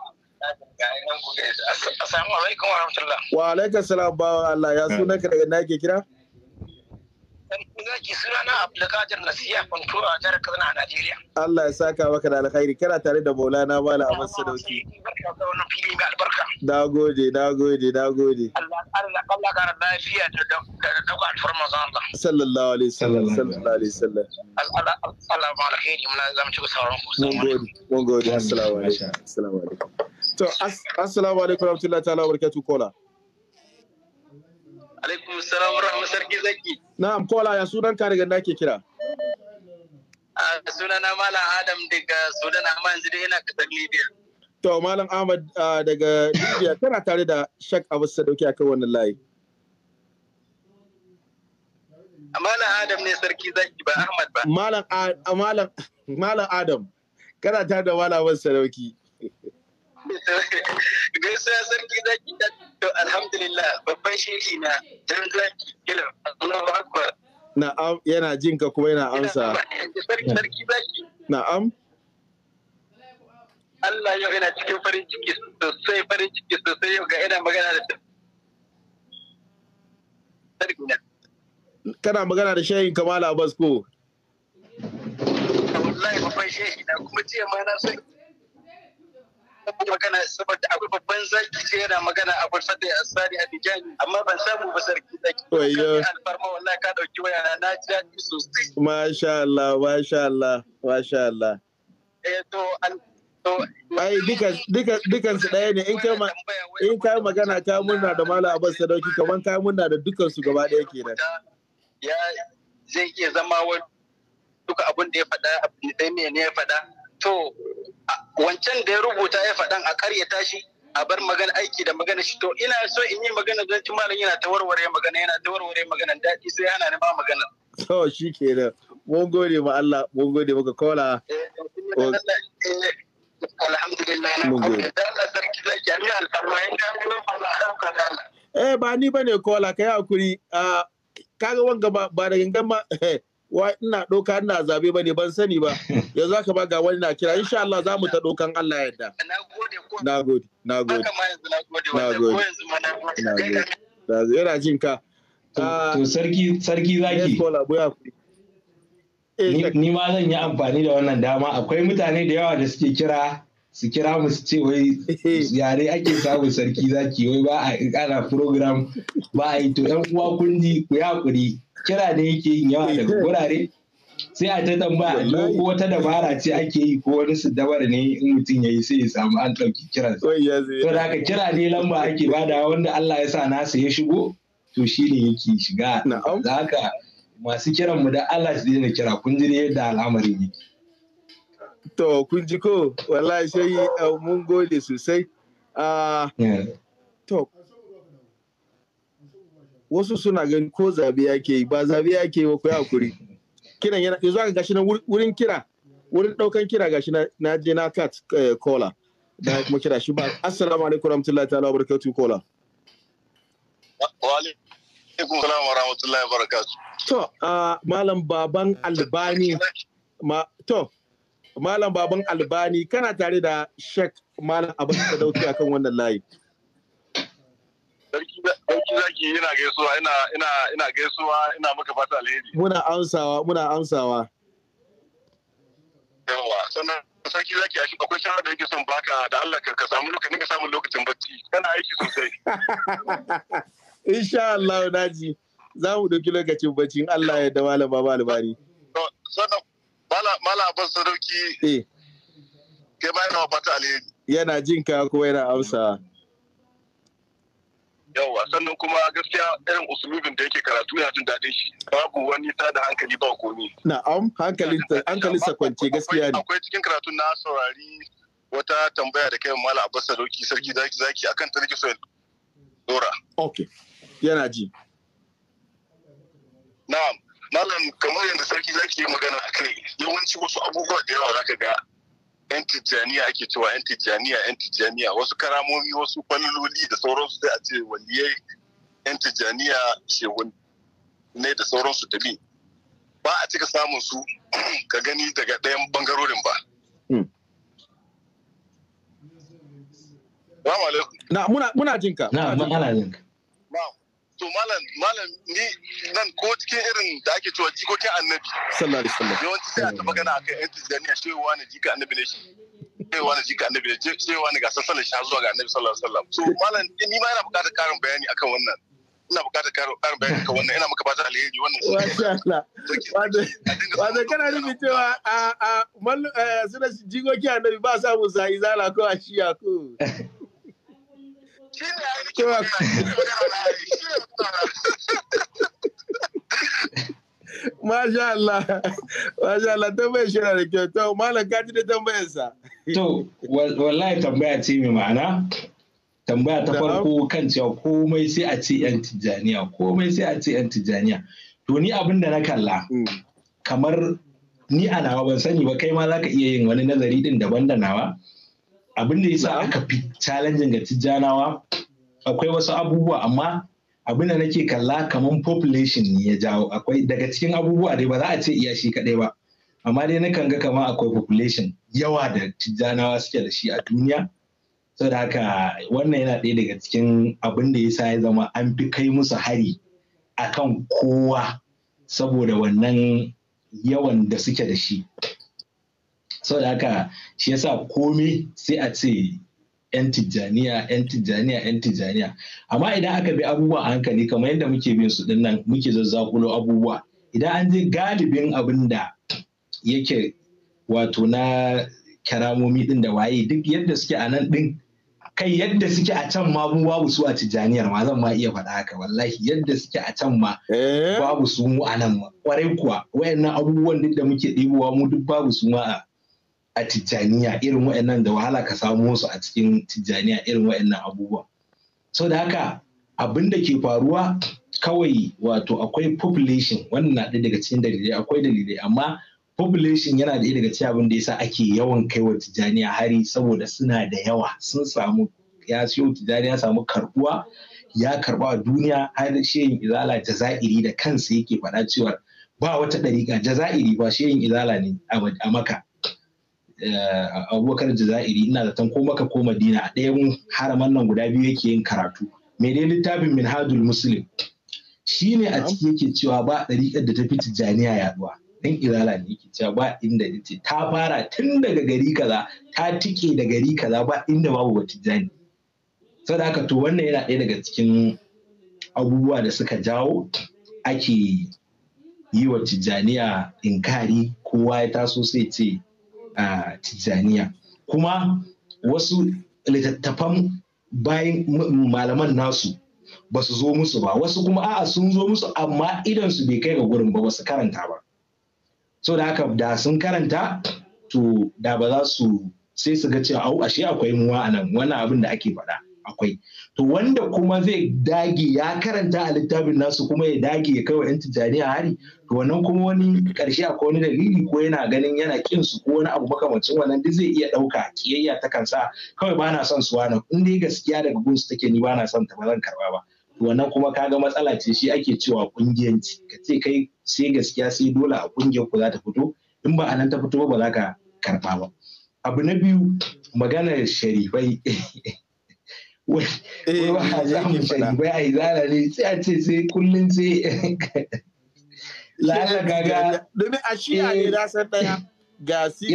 Assalamu alaikum wa rahmatullah. Wa alaikum salam bawa Allah ya suna ka daga nake kira? Zaki suna na Abdulkadir Nasiya Fantura a jihar Kaduna a Najeriya. Allah ya saka maka da alkhairi kana tare da Maulana Mala Ahmad Sadauki. Na gode, na gode, na gode. Allah kara lafiya da Allah. Sallallahu alaihi wasallam, sallallahu alaihi wasallam. Allah alkhairi mun zamu ci ku. Mun gode, mun gode. Assalamu alaikum. Assalamu alaikum. To, assalamu alaikum rahmatullahi ta'ala wa barkatu kola. Alaikum salam wa rahmatullahi sarki zaki. Na'am kola ya sunan ka daga nake kira. A sunana Malam Adam daga Sudan amma yanzu dai yana kasar Libya. To, Malam Ahmad daga Libya tana tare da Shak Abu Sadauki akan wannan layi. Malam Adam ne sarki zaki ba Ahmad ba. Malam Adam kana tare da Malam Sadauki. gaisuwa sarki zaki to alhamdulillah babban shehi na yana jin ka kuma yana amsa na'am Allah yau yana cikin farin ciki sosai farin ciki sosai yau ga ina magana da kana magana da shehin Kamal Abbas ko wallahi babban shehi na kuma ce ma na son muke magana saboda akwai babban zaki ce yana magana a bulsar da asali a dijani amma ban samu ba sarki zaki wayo alfarma wallahi ka dauki waya na na ji daɗi sosai masha Allah masha Allah masha Allah eh to ai dukan su ɗaya ne in kai in kai magana ka murna da malam Abbas Sadauki kaman ka murna da dukan su gaba ɗaya kenan ya zai iya zama wani duka abin da ya faɗa abin da ne ya faɗa to wancan da ya rubuta ya faɗan a ƙaryata shi a bar magana aiki da magana shi to ina so in yi magana don ci malam yana ta warware magana yana ta warware magana daɗi sai ana ni ba magana. to shi ke nan, mun gode ma Allah mun gode maka kola. Eh, eh, eh, alhamdulillah mun gode. eh ba ni bane kola kai hakuri ah, kaga wanga ba da gangan ma wa ina ɗauka ina zabe ba ne ban sani ba yanzu haka ba ga wani na kira insha Allah za mu ta ɗaukan Allah ya yarda nagode, nagode, nagode, nagode, nagode, yana jin ka to ah, sarki sarki zaki eh, ni ma zan yi amfani da wannan dama akwai mutane da yawa da suke kira su kira mu su ce wai yare ake samun sarki zaki wai ba a kana program ba a yi to yan uwa kundi ku kuri kira ne yake yin yawa daga wurare sai a ta tambaya ko wata dabara ce ake yi ko wani su dabar ne in mutum ya yi sai ya samu an ɗauki kira to da ka kira ne lamba ake bada wanda Allah ya sa nasa ya shigo to shi ne yake shiga da haka masu kiran mu da Allah su daina kira kun ji yadda al'amarin yake To, kun ji ko, wallahi sai eh, mun gode sosai. Ah, to, wasu suna gani ko zabi yake yi, ba zabi yake yi ba ku hakuri. Kiran yana, yanzu aka gashi na wurin kira, wurin ɗaukan kira gashi na je na kat kola. Eh, da kuma kira shi ba. Assalamu alaikum warahmatullahi ta'ala barakatuh kola. Wa alaikum salam warahmatullahi barakatuh. To, ah, malam baban albani. Ma, to, Malam Baban Albani kana tare da Sheikh Malam Abin da dauki akan wannan layi. Sarki zaki ina gaisuwa ina ina ina gaisuwa ina maka fata alheri. Muna amsawa muna ansawa. Yawa sannan sarki zaki a akwai shawara da yake son baka da Allah ka samu lokacin ka samu lokacin bacci kana aiki sosai. Insha Allah naji za mu dauki lokacin bacci Allah ya da Malam Baba Albani. Sannan malaban sadauki eh. ke bayan wa fata alheri yana jin ka ko yana amsa yawa sannan kuma gaskiya irin usulubin da yake karatu ya jin daɗin shi babu wani ta da hankali ba komi na'am hankalin sa kwance gaskiya ne akwai cikin karatu na saurari wata tambaya da kai mala abbas sadauki sarki zaki zaki akan tarki soyayya dora okay yana ji na'am malam kamar yadda sarki zaki yi magana a kai yawanci wasu abubuwa da yawa zaka ga yan tijjaniya ake cewa yan tijjaniya yan tijjaniya wasu karamomi wasu falloli da sauransu sai a ce waliyai yan tijjaniya shehun ne da sauransu da bi ba a cika samun su ka gani daga ɗayan bangarorin ba. Hmm. Na muna jinka. Na muna jinka. to malam malam ni nan ko cikin irin da ake cewa jikokin annabi sallallahu alaihi wasallam yawanci sai a ta magana akan yan a shewa ne jika annabi ne shi shewa ne jika annabi ne shewa ne ga sassan shi zuwa ga annabi sallallahu alaihi wasallam so malam eh, ni ma ina buƙatar karin bayani akan wannan ina buƙatar karin bayani akan wannan ina maka ba alheri wannan masha Allah wato kana nufi cewa a a mallu eh, suna jikokin annabi ba samu sai zala ko a shiya ko shi ne ya rike Masha Allah, Masha Allah, tambayar shi da kyau. To, Malam kaji da tambayarsa. To, wallahi tambaya ce mai ma'ana? Tambaya ta farko kan cewa komai sai a ce 'yan Tijjaniya, komai sai a ce 'yan Tijjaniya. To, ni abin na kalla, mm. kamar ni a nawa ban sani ba kai ma za ka iya yin wani nazari din daban da nawa abin da yasa aka fi challenging ga tijjanawa akwai wasu abubuwa amma abin da nake kalla kaman population ya jawo akwai daga cikin abubuwa dai ba za a ce iya shi kadai ba amma dai nakan ga kama akwai population yawa da tijjanawa suke da shi a duniya da haka wannan yana ɗaya daga cikin abin da yasa ya zama an fi kai musu hari akan kowa saboda wannan yawan da suke da shi Sau da haka shi yasa komai sai a ce yan tijjaniya yan tijjaniya yan tijjaniya amma idan aka bi abubuwa a hankali kamar yadda muke bin su din nan muke zazzakulo abubuwa idan an je galibin abin da yake wato na karamomi din da waye duk yadda suke a nan din kai yadda suke a can ma mu babu su a tijjaniyar ma zan ma iya faɗa haka wallahi yadda suke a can ma eh? babu su mu a nan ma kwarai kuwa wayannan abubuwan duk da muke ɗibowa mu duk babu su ma a a tijjaniya irin waɗannan da wahala ka samu su a cikin tijjaniya irin waɗannan abubuwa so da haka abin da ke faruwa kawai wato akwai population wannan na ɗaya daga cikin dalilai akwai dalilai amma population yana da daga cikin abin da ya sa ake yawan kai wa tijjaniya hari saboda suna da yawa sun samu ya siyo tijjaniya ya samu karbuwa ya karba a duniya har shehin izala jaza'iri da kansa yake faɗa cewa ba wata ɗariƙa jaza'iri ba shehin izala ne a maka Eh, abubakar jazairi ina da ko maka ko madina a ɗaya haraman nan guda biyu yake yin karatu mai dai littafin minhajul muslim shi ne a ciki yake cewa ba ɗariƙar da ta fi tijjaniya yaduwa dan izala ne yake cewa ba inda ce ta fara tun daga gari kaza ta tike da gari kaza ba inda babu ba tijjani saboda haka to wannan yana ɗaya daga cikin abubuwa da suka jawo ake yi wa tijjaniya inkari kowa ya taso sai ce a tijjaniya kuma wasu littattafan bayan malaman nasu ba su zo musu ba wasu kuma a'a sun zo musu amma idon su bai kai ga gurin ba su karanta ba so da haka da sun karanta to da ba za su sai su ga cewa au ashe akwai muwa a nan wannan abin da ake faɗa akwai to wanda kuma zai dage ya karanta a littafin nasu kuma ya dage ya kai wa yan tijjani a hari to wannan kuma wani karshe akwai wani dalili ko yana ganin yana kin su ko wani abu makamancin wannan duk zai iya ɗauka kiyayya ta kansa kawai bana son su wani in dai gaskiya daga gunsu take ni bana son ta ba zan karba ba to wannan kuma ka ga matsala ce shi ake cewa kungiyanci ka ce kai sai gaskiya sai dole a kungiyar ku za ta fito in ba a nan ta fito ba za ka karba ba abu na biyu maganar sharifai Eh, wai ba za mu sani ba a zara ne sai a ce sai kullum sai la'ala gaga domin a shiya ne eh. na daya ga si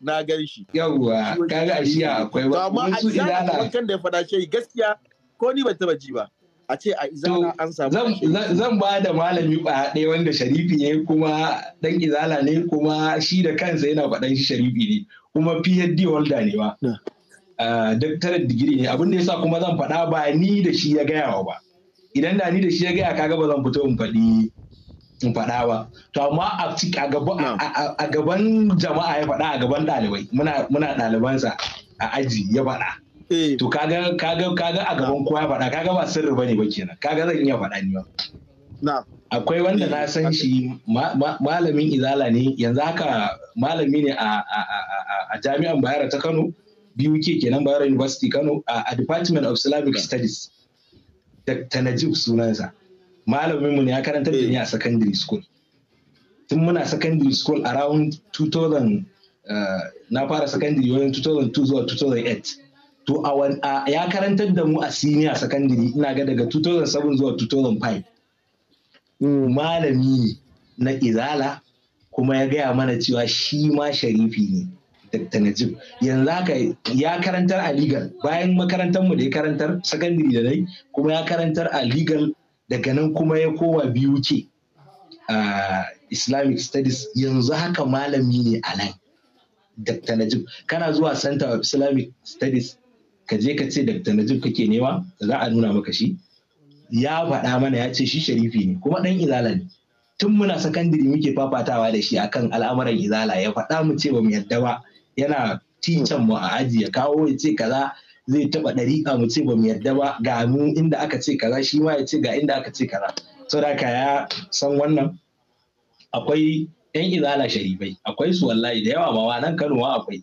na gan shi yawwa kaga a shiya akwai ba amma a izana wankan da ya faɗa shi gaskiya ko ni ba taba ji ba a ce a izala an samu zan ba da malami ba ɗaya wanda sharifi ne kuma dan izala ne kuma shi da kansa yana faɗan shi sharifi ne kuma PhD holder ne ba daktarar eh, digiri ne abin da ya sa kuma zan faɗa ba ni da shi ya gaya wa ba idan da ni da shi ya gaya kaga ba zan fito in faɗi in faɗa ba to amma a gaban jama'a ya faɗa a gaban ɗalibai muna ɗalibansa a aji ya faɗa eh. to kaga kaga kaga a gaban kowa ya faɗa kaga ba sirri bane ba kenan kaga zan iya faɗa ni ba akwai wanda na san eh, shi malamin izala ne yanzu haka malami ne a jami'an bayar ta Kano biyu ke kenan Bayero University Kano a Department of Islamic Studies Dr. Najib sunansa malamin mu ne ya karanta da ni a secondary school tun muna secondary school around 2000 uh, na fara secondary wajen 2002 zuwa 2008 to a ya karantar da mu a senior secondary ina ga daga 2007 zuwa 2005 hmm. malami ne na izala kuma ya gaya mana cewa shi ma sharifi ne Dr. Najib yanzu haka ya karantar a legal bayan makarantar mu da ya karantar secondary da dai kuma ya karantar a legal daga nan kuma ya kowa biyu ke a Islamic studies yanzu haka malami ne a nan Dr. Najib kana zuwa Center of Islamic Studies ka je ka ce Dr. Najib kake nema za a nuna maka shi ya faɗa mana ya ce shi sharifi ne kuma ɗan izala ne tun muna sakandiri muke fafatawa da shi akan al'amuran izala ya faɗa mu ce ba mu yadda ba yana tican mu a aji ya kawo ya ce kaza zai taba ɗariƙa mu ce ba mu yarda ba ga mu inda aka ce kaza shi ma ya ce ga inda aka ce kaza saboda da ya san wannan akwai yan izala sharifai akwai su wallahi da yawa ba wa nan Kano wa akwai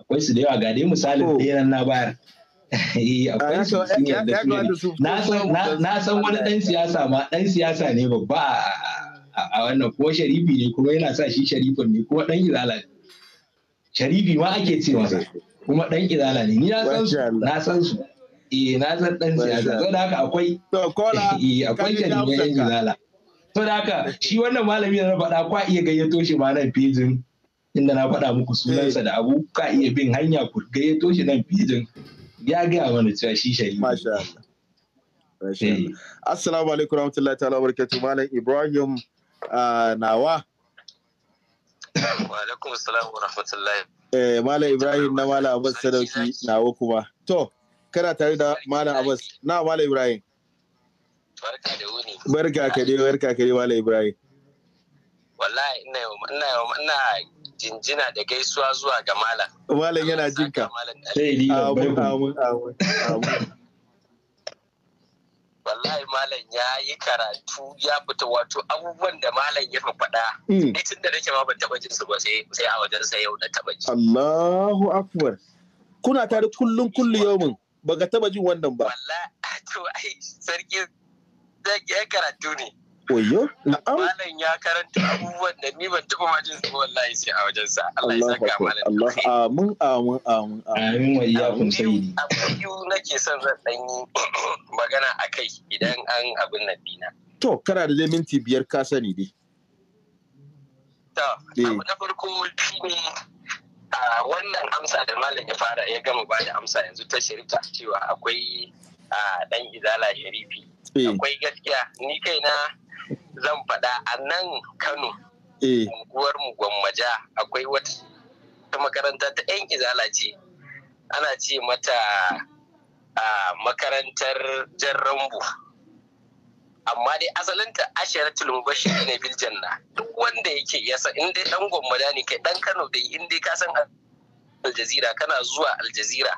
akwai su da yawa ga dai misalin ɗaya nan na bayar eh, ah, akwai su sun yarda su ne na san wani ɗan siyasa ma ɗan siyasa ne babba a wannan ko sharifi ne kuma yana sa shi sharifin ne kuma ɗan izala ne sharifi ma ake ce masa kuma dan kizala ne ni na san su na san su eh na san dan siyasa to da haka akwai eh akwai sharifi dan izala to da haka shi wannan malami na faɗa kwa iya gayyato shi ma nan fijin inda na faɗa muku sunansa da abu ka iya bin hanya ku gayyato shi nan fijin ya gaya mana cewa shi sharifi eh. Assalamu alaikum warahmatullahi ta'ala barakatuh Malam Ibrahim ah, Nawa alaikum salam wa rahmatullahi. Eh Malam Ibrahim na Malam Abbas Sadauki na nawa kuma. To kana tare da Malam Abbas na Malam Ibrahim. Barka da wuni. Barka ka dai barka ka dai Malam Ibrahim. Wallahi ina ina ina jinjina da gaisuwa zuwa ga Malam. Malam yana jinka. sai Malam. Amin amin amin. wallahi malam ya yi karatu ya fita wato abubuwan da malam ya faɗa hmm. ni tun da nake ma ban taɓa jin su ba sai a wajen sa yau na taɓa ji Allahu akbar kuna tare kullun kullu yaumin baka taɓa jin wannan ba wallahi to ai sarki zai karatu ne Oyo, na'am. Malam ya karanta abubuwan da ni ban taɓa ma jin su wallahi sai a wajen sa. Allah ya saka malam. Allah amin amin amin amin wa iyyakum sayyidi. Abu nake son zan dan yi magana akai idan an abin nan dina. To, kana da dai minti biyar ka sani dai. To, eh. abu na farko shine wannan amsa da malam ya fara ya gama ba da amsa yanzu ta shirita cewa akwai dan izala sharifi. Eh. Akwai gaskiya ni kaina zan faɗa a nan kano eh. unguwar mu gwammaja akwai wata makaranta ta 'yan izala ce ana ce mata a makarantar jan rambu amma dai asalinta asharatul mubashir ne bil janna duk wanda yake yasa in dai dan gwammaja ne kai dan Kano dai in dai ka san aljazira kana zuwa aljazira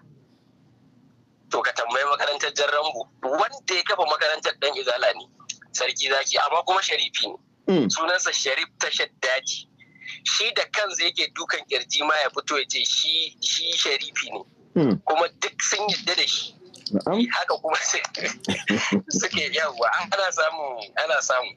to ka tambayi makarantar jan rambu wanda ya kafa makarantar dan izala ne sarki zaki amma kuma sharifi ne mm. sunansa sharif ta shaddaji shi da kansa ke dukan kirji ma ya fito ya ce shi sharifi ne mm. kuma duk sun yadda da shi Eh, haka kuma suke yawwa ana samu ana hmm. samu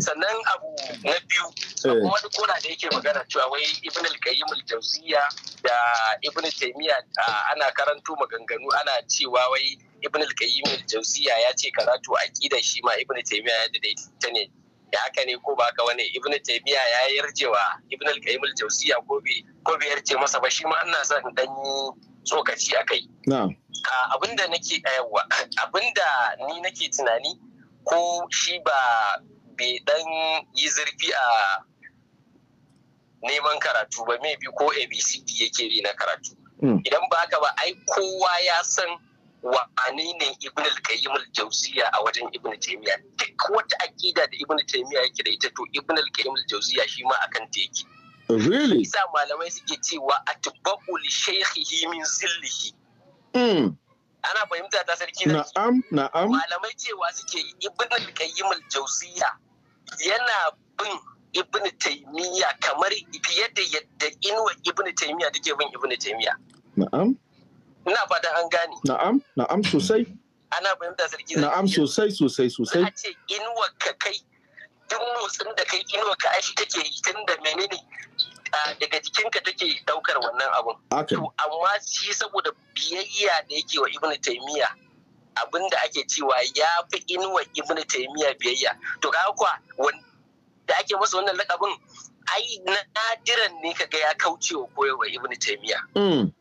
sannan abu na biyu eh. kuma duk kona da yake magana cewa wai ibn al-qayyim al-jawziya da ibn taymiya ana karanto maganganu ana cewa wai ibn al-qayyim al-jawziya ya ce karatu aqida shi ma ibn taymiya ya daidaita ne Ya haka ne ko ba ka wani ibn taymiya ya yarjewa ibn al-qayyim al-jawziya ko bai yarje masa ba shi ma ana son dan tsokaci a kai. Abinda nake eh, yawa abinda ni nake tunani ko shi ba bai dan yi zurfi a neman karatu ba mai bi ko abcd yake yi na karatu. Hmm. Idan ba haka ba ai kowa ya san wani ne ibn al-qayyim a wajen ibn Taymiyyah. duk wata akida da ibn Taymiyyah yake da ita to ibn al-qayyim al-jawziya shi ma akan ta yake Really? Isa malamai suke cewa a tubaku li shaykhihi min zillihi. Hmm. Ana fahimta ta sarki da Na'am, na'am. Malamai cewa suke Ibn al-Qayyim al yana bin Ibn Taymiyyah kamar fiye da yadda inuwa Ibn Taymiyyah take bin Ibn Taymiyyah. Na'am. Ina fatan an gane. Na'am, na'am sosai. Ana fahimta sarki da Na'am sosai sosai sosai. Za ce inuwa ka kai duk motsin da kai inuwa ka aishi take yi tun da menene daga jikinka take daukar wannan abun to amma shi saboda biyayya da yake wa Ibn taymiya abinda ake cewa ya fi inuwa Ibn taymiya biyayya to ga kuwa da ake masa wannan lakabin ai nadiran ne kaga ya kauce wa koyarwa Ibn taymiya mm.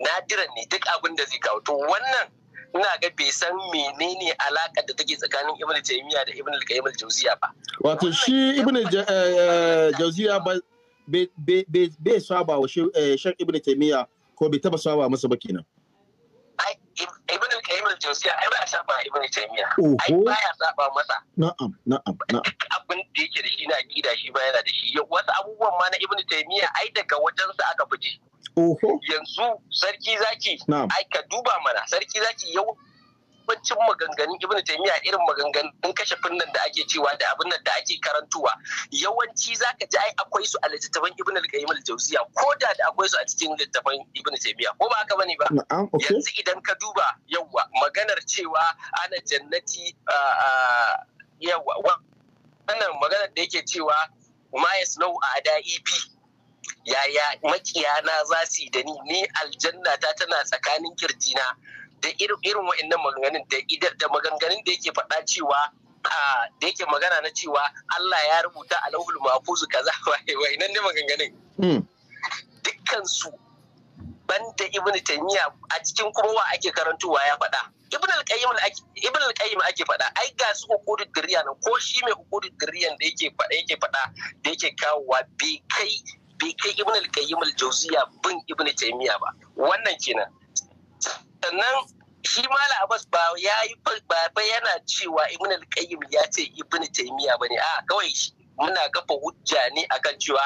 nadiran ne duk abin da zai kawo to wannan ina ga bai san menene alaka da take tsakanin Ibn taymiya da Ibn al-qayyim al-jawziya ba wato shi Jauziya eh, eh, jawziya bai saba wa shan eh, ibn taimiyya ko bai taba saba masa ba kenan ibn al-qayyim ai ba saba ibn Oho. ai ba ya saba masa na'am na'am na'am abin da yake da shi na aqida shi ba yana da shi wasu abubuwan ma na ibn taymiya ai daga wajensa aka fije oho yanzu sarki zaki ai ka duba mana sarki zaki yau yawancin maganganun ibn taymiya irin maganganun kashe finnan da ake cewa da abin nan da ake karantuwa yawanci zaka ji ai akwai su a littattafan ibn al-qayyim al-jawziya ko da da akwai su a cikin littattafan ibn taymiya ko ba haka bane ba yanzu idan ka duba yawa maganar cewa ana jannati yawa wannan maganar da yake cewa ma yasnau a da'ibi e yaya makiyana za su yi da ni ni aljanna ta tana tsakanin kirjina da irin wa'annan maganganun da maganganun da yake faɗa cewa da yake magana na cewa Allah ya rubuta a lauhul mahfuzu kaza wa'annan ne maganganun hmm. dukkan su banda ibnu taymiya a cikin kuma wa ake karantowa ya faɗa ibnu al-qayyim ake faɗa ai ga su hukudu diriya nan ko shi mai hukudu dirriyan da yake faɗa yake faɗa da yake kawowa bai kai bai kai ibnu al-qayyim al-jawziya bin ibnu taymiya ba wannan kenan sannan shi mala abbas ba ya yi ba yana cewa ibn al-qayyim ya ce ibn taymiya bane a kawai shi muna kafa hujja ne akan cewa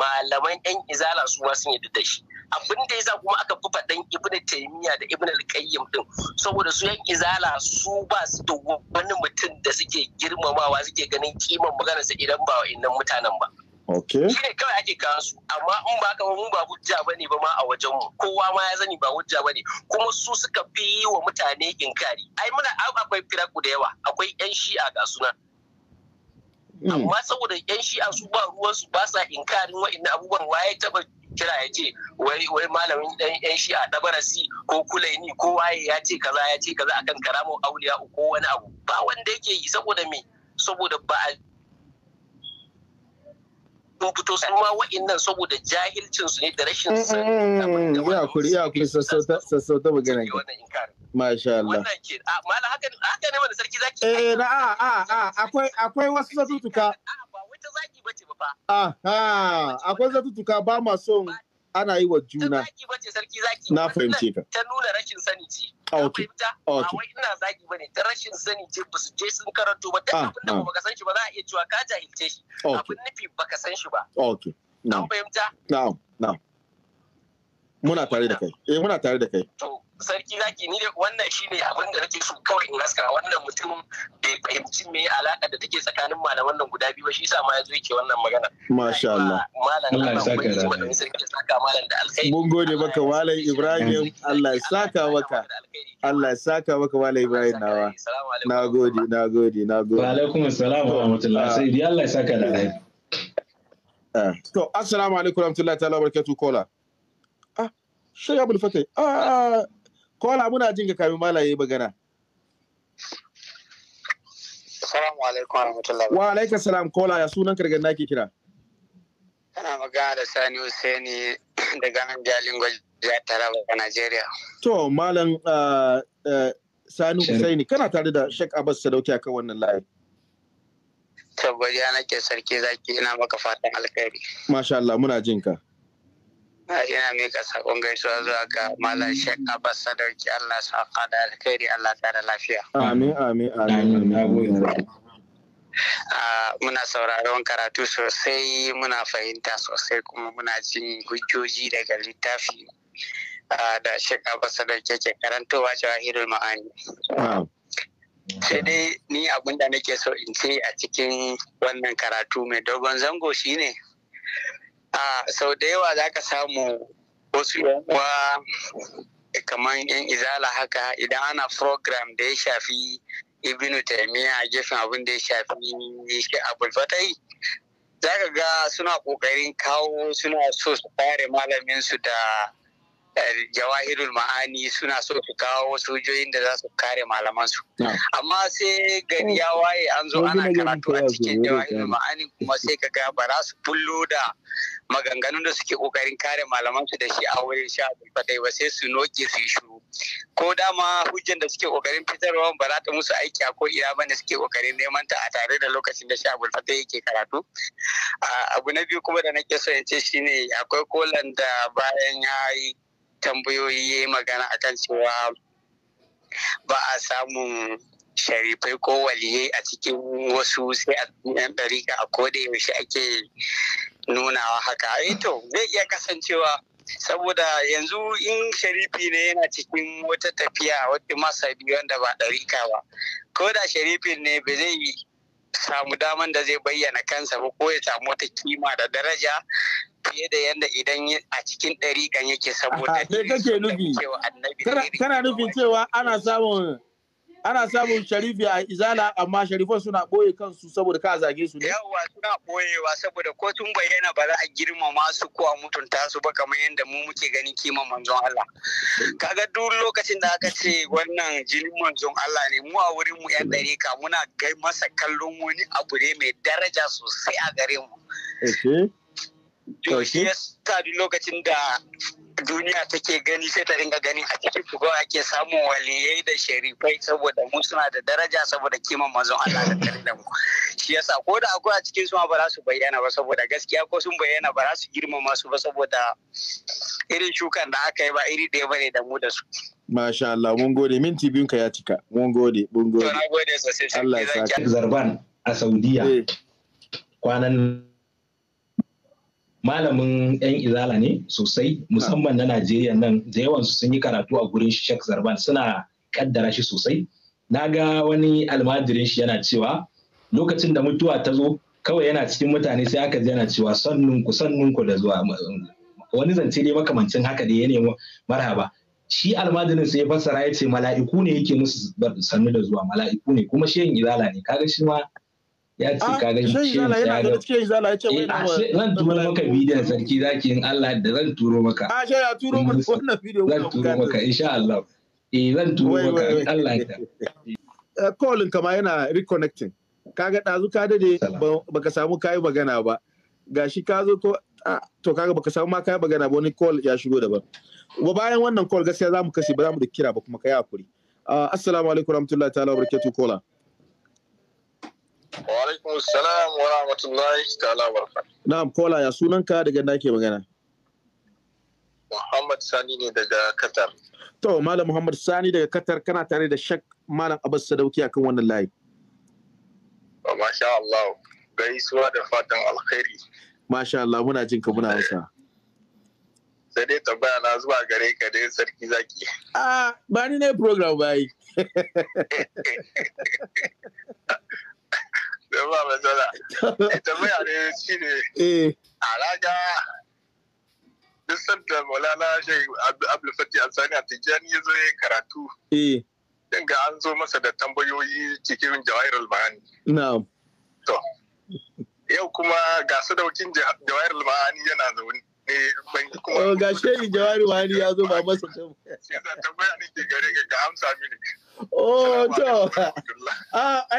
malaman yan izala su ma sun yadda da shi abin da yasa kuma aka fi faɗan ibn taymiya da ibn al-qayyim din saboda su yan izala su ba su da wani mutum da suke girmamawa suke ganin kiman maganarsa idan ba wa'annan mutanen ba Okay. Shi ne kawai ake kawo su amma in ba haka mun ba hujja bane ba ma a wajen mu kowa ma ya zani ba hujja bane kuma su suka fi yi wa mutane inkari ai muna akwai firaku da yawa akwai yan shi'a ga suna mm. amma saboda yan shi'a su ba ruwan su ba sa inkarin wa'annan abubuwan waye taba kira ya ce wai wai malamin dan yan shi'a dabarasi ko kulaini ko waye ya ce kaza ya ce kaza akan karamin auliya ko wani abu ba wanda yake yi saboda me saboda ba sun su ma wa'innan saboda jahilcin su ne da rashin mm, sani mm, mm. ya kuri ya kuri sassauta magana Masha Allah. Wannan ke, mala haka ne wanda sarki zaki. Eh na a a a akwai akwai wasu zatutuka. Ba wata zaki bace ba. a a akwai zatutuka ba ma son ana yi wa juna na fahimce ka ta nuna rashin sani ce okay okay wai ina zagi ne. ta rashin sani ce ba su je sun karanto ba duk ah, abin da ah. baka san shi ba za a iya cewa ka jahilce shi abin nufi baka san shi ba okay Na fahimta na'am na'am muna tare da kai eh muna tare da kai to sarki zaki ni wannan shine abin da nake so kawai in haska wannan mutum bai fahimci me alaka da take tsakanin malaman nan guda biyu ba shi yasa ma yazo yake wannan magana masha Allah malam Allah ya saka da mun gode maka malam Ibrahim Allah ya saka maka Allah ya saka maka malam Ibrahim nawa na gode na gode na gode wa alaikum assalam wa rahmatullah ah. sai dai Allah ya saka da alkhairi ah. to assalamu alaikum rahmatullahi wa barakatuh kola ah shayabul fatai ah, ah kola muna jin ka kamin malaye magana Salamu alaikum warahmatullahi Wa alaikum salam kola ya sunan kargan nake kira Kana magana da Sani Hussaini daga nan Jalin Gwaja Taraba a Najeriya To malam ah, ah, Sani Hussaini kana tare da Sheikh Abbas Sadauki akan wannan layi To godiya nake sarki zaki ina maka fatan alkhairi Masha Allah muna jin ka ina mika sakon gaisuwa zuwa ga malam shek abbas sadauki allah sa da alkhairi allah ta da lafiya amin amin amin ah, muna sauraron karatu sosai muna fahimta sosai kuma muna jin hujjoji daga littafi ah, da shek abbas sadauki ke karantowa jawahirul ma'ani sai dai ni abinda nake so in ce a cikin wannan karatu mai dogon zango shine ne sau da yawa za ka samu wasu uwa kamar yan izala haka idan ana program da ya shafi ibn taimiyya a gefen abin da ya shafi shi abulfatai za ka ga suna kokarin kawo suna so su kare malamin su da Eh, jawahirul ma'ani suna so su kawo sojojin da za su kare malaman su. amma sai gari ya waye an zo ana karatu a cikin jawahirul ma'ani kuma sai ka ga ba za su bullo da maganganun da suke kokarin kare malaman su da shi a wurin sha fatai ba sai su noke su shu. Ko ko dama hujjan da suke kokarin fitarwa ba za ta musu aiki a ko ina bane suke kokarin neman ta a tare da lokacin da sha fatai yake karatu abu na biyu kuma da nake so in ce shine akwai kolan da bayan ya yi tambayoyi ya yi magana a kan cewa ba a samun sharifai ko waliyai a cikin wasu sai a ɗarika a koda yaushe ake nunawa haka eh to zai iya kasancewa saboda yanzu in sharifi ne yana cikin wata tafiya wata masa biyu wanda ba ɗarika ba ko da sharifin ne ba zai samu daman da zai bayyana kansa ba ko ya samu wata kima da daraja fiye da yadda idan a cikin kan yake saboda. Me kake nufi? Kana nufin cewa ana samun ana samun sharifi a izala amma sharifan suna ɓoye kansu saboda ka zage su ne. Yawwa suna ɓoyewa saboda ko tun bayyana ba za a girmama su ko a mutunta su ba kamar yadda mu muke gani kiman manzon Allah. Kaga duk lokacin da aka ce wannan jinin manzon Allah ne mu a wurin mu yan ɗarika muna gai masa kallon wani abu ne mai daraja sosai a gare mu. To shi yasa duk lokacin da duniya take gani sai ta ringa gani a cikin su ake samun waliyai da sharifai saboda mu suna da daraja saboda kiman mazan Allah da tare da mu shi yasa ko da akwai a cikin su ma ba za su bayyana ba saboda gaskiya ko sun bayyana ba za su girmama su ba saboda irin shukan da aka yi ba iri ɗaya bane da mu da su Masha Allah, mun gode, minti biyun ka ya cika, mun gode, mun gode. Allah ya saka. Zarban a Saudiya eh. kwanan malamin 'yan izala ne sosai musamman na Najeriya nan da yawan su sun yi karatu a gurin Sheikh Zarban suna kaddara shi sosai. Na ga wani almajirin shi yana cewa lokacin da mutuwa ta zo kawai yana cikin mutane sai aka ji yana cewa sannun ku da zuwa wani zance dai makamancin haka da ya nemo marhaba shi almajirin sai ya fassara ya ce mala'iku ne yake musu sannu da zuwa mala'iku ne kuma shi yin izala ne kaga shi ma ya ce ah, kaga shi yana da cikin zala ya ce wai eh, zan turo maka bidiyon sarki zaki in Allah da zan turo maka a ah, shi ya turo maka wannan bidiyon zan turo maka insha Allah eh zan turo maka Allah ya eh, callin kama yana reconnecting kaga dazu ka dade baka samu kai magana ba gashi ka zo ko to kaga baka samu ma kai magana ba wani call ya shigo daban wa bayan wannan call gaskiya zamu kashe ba zamu da kira ba kuma kai hakuri ah, assalamu alaikum warahmatullahi ta'ala wabarakatuh kola Wa alaikum salam wa rahmatullahi ta'ala wa Na'am kola ya sunan ka daga da ke magana. Muhammad Sani ne daga Qatar. To Malam Muhammad Sani daga Qatar kana tare da Shak Malam Abbas Sadauki akan wannan layi. Wa masha Allah gaisuwa da fatan alkhairi. Masha Allah muna jin ka muna wasa. Sai dai tambaya na zuwa gare ka dai sarki zaki. Ah ba ni ne program bai. da ba matsala eh, tambaya ne shi ne eh. sanda a tijjani ya zo ya karatu eh. ga an zo masa da tambayoyi cikin jawahirul ma'ani na'am to yau kuma ga su daukin ma'ani yana zaune ne kuma oh, ga shehi ma'ani ya zo ba masa tambaya tambaya ne ke gare ga amsa mini Oh, ah,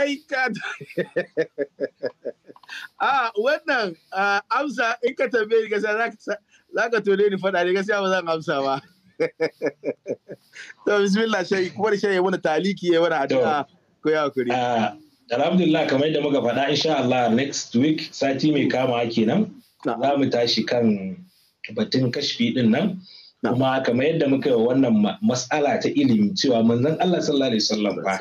ah, wannan ah, amsa in ka tambaye ni gaskiya za ka tole ni fada ne gaskiya ba zan amsa ba. To bismillah shayi kuma shayi wani taliki ya wani addu'a ko ya kuri. Alhamdulillah kamar yadda muka faɗa insha Allah next week sati mai kama kenan za mu tashi kan batun kashfi din nan. kuma kamar yadda muka yi wannan matsala ta ilimi cewa manzon Allah sallallahu alaihi wasallam fa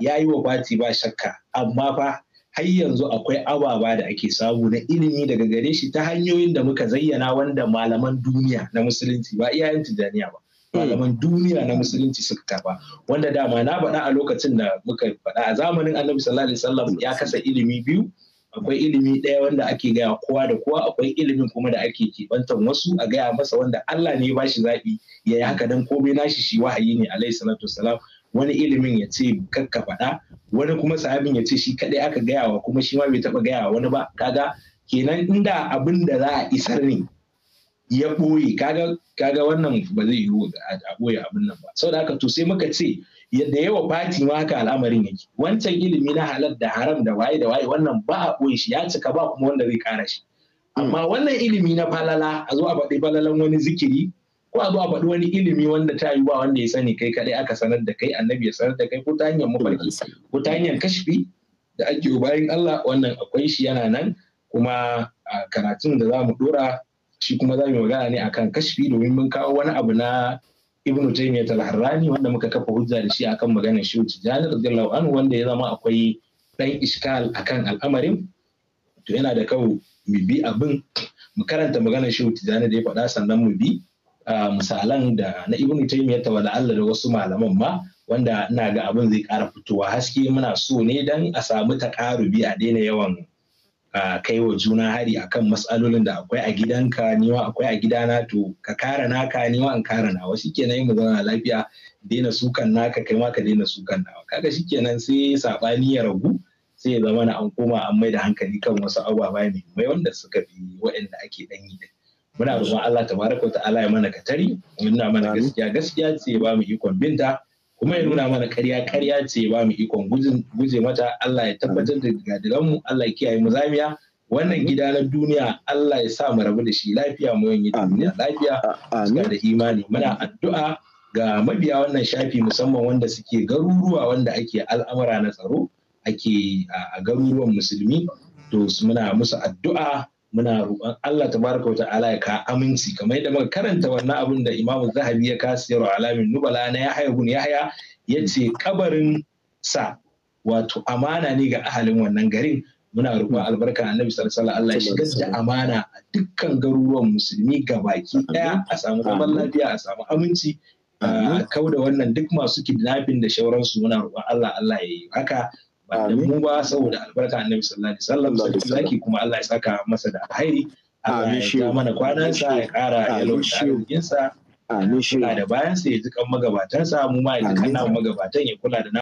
ya yi wa bati ba shakka amma fa har yanzu akwai ababa da ake samu na ilimi daga gare shi ta hanyoyin da muka zayyana wanda malaman duniya na musulunci ba iyayen tijaniya ba hmm. malaman duniya na musulunci suka tafa wanda dama na faɗa a lokacin da muka faɗa a zamanin annabi sallallahu alaihi wasallam ya kasa ilimi biyu akwai ilimi ɗaya wanda ake gaya kowa da kowa akwai ilimin kuma da ake kebantar wasu a gaya masa wanda Allah ne ba shi zaɓi ya yi haka don komai nashi shi wahayi ne alaihi salatu wasalam wani ilimin ya ce kakka faɗa wani kuma sahabin ya ce shi kaɗai aka gaya wa kuma shi ma bai taɓa gaya wa wani ba kaga kenan inda abin da za a isar ne ya ɓoye kaga kaga wannan ba zai yiwu a ɓoye abin nan ba saboda haka to sai muka ce yadda yawa fati ma haka al'amarin yake wancan ilimi na halar da haram da waye da waye wannan ba a ɓoye shi ya cika ba kuma wanda zai kara shi amma hmm. wannan ilimi na falala a zo a faɗi falalan wani zikiri ko a zo a faɗi wani ilimi wanda ta yi ba wanda ya sani kai kaɗai aka sanar da kai annabi ya sanar da kai ko ta hanyar mafarki ko ta hanyar kashfi da ake bayan Allah wannan akwai shi yana nan kuma a karatun da za mu dora shi kuma za mu magana ne akan kashfi domin mun kawo wani abu na ibnu taymiyyah al-harrani wanda muka kafa hujja da shi akan maganar shi tijani radiyallahu anhu wanda ya zama akwai dan iskal akan al'amarin to yana da kawo mu bi abin mu karanta maganar shi tijani da ya faɗa sannan mu bi misalan da na ibnu taymiyyah ta wala Allah da wasu malaman ma wanda ina ga abin zai ƙara fitowa haske muna so ne dan a samu takarubi a daina yawan kai wa juna hari akan matsalolin da akwai a gidanka niwa akwai a gidana to ka kara naka niwa an kara nawa shikenan yin magana lafiya daina sukan naka kai ma ka daina sukan nawa kaga shikenan sai sabani ya ragu sai ya zama na an koma an mai da hankali kan wasu ababa ne mai wanda suka fi waɗanda ake dan yi da muna roƙon Allah tabaraka ta'ala ya mana katari muna mana gaskiya gaskiya ce ba mu ikon binta kuma ya nuna mana karya karya ce ba mu ikon guje mata Allah ya tabbatar da gadiran mu Allah ya kiyaye mu zamiya wannan gida na duniya Allah ya sa mu rabu da shi lafiya mu yi duniya lafiya da imani muna addu'a ga mabiya wannan shafi musamman wanda suke garuruwa wanda ake al'amura na tsaro ake a garuruwan musulmi to muna musu addu'a muna roƙon Allah tabaraka wa ta'ala ya ka aminci kamar yadda muka karanta wannan abin da Imam Zahabi ya yaro alamin nubala na Yahya ibn ya yace kabarin sa wato amana ne ga ahalin wannan garin muna roƙon albarka annabi sallallahu Allah ya shigar da amana a dukkan garuruwan musulmi gabaki daya a samu zaman lafiya a samu aminci a da wannan duk masu kidnapping da shauransu muna roƙon Allah Allah ya yi haka da mu ba saboda albarka annabi sallallahu alaihi wasallam sarki kuma Allah ya saka masa da alheri Allah ya mana kwanansa ya kara ya lauta arzikinsa Amin shi. Kula da bayansa ya ji kan magabatansa mu ma ya ji magabatan ya kula da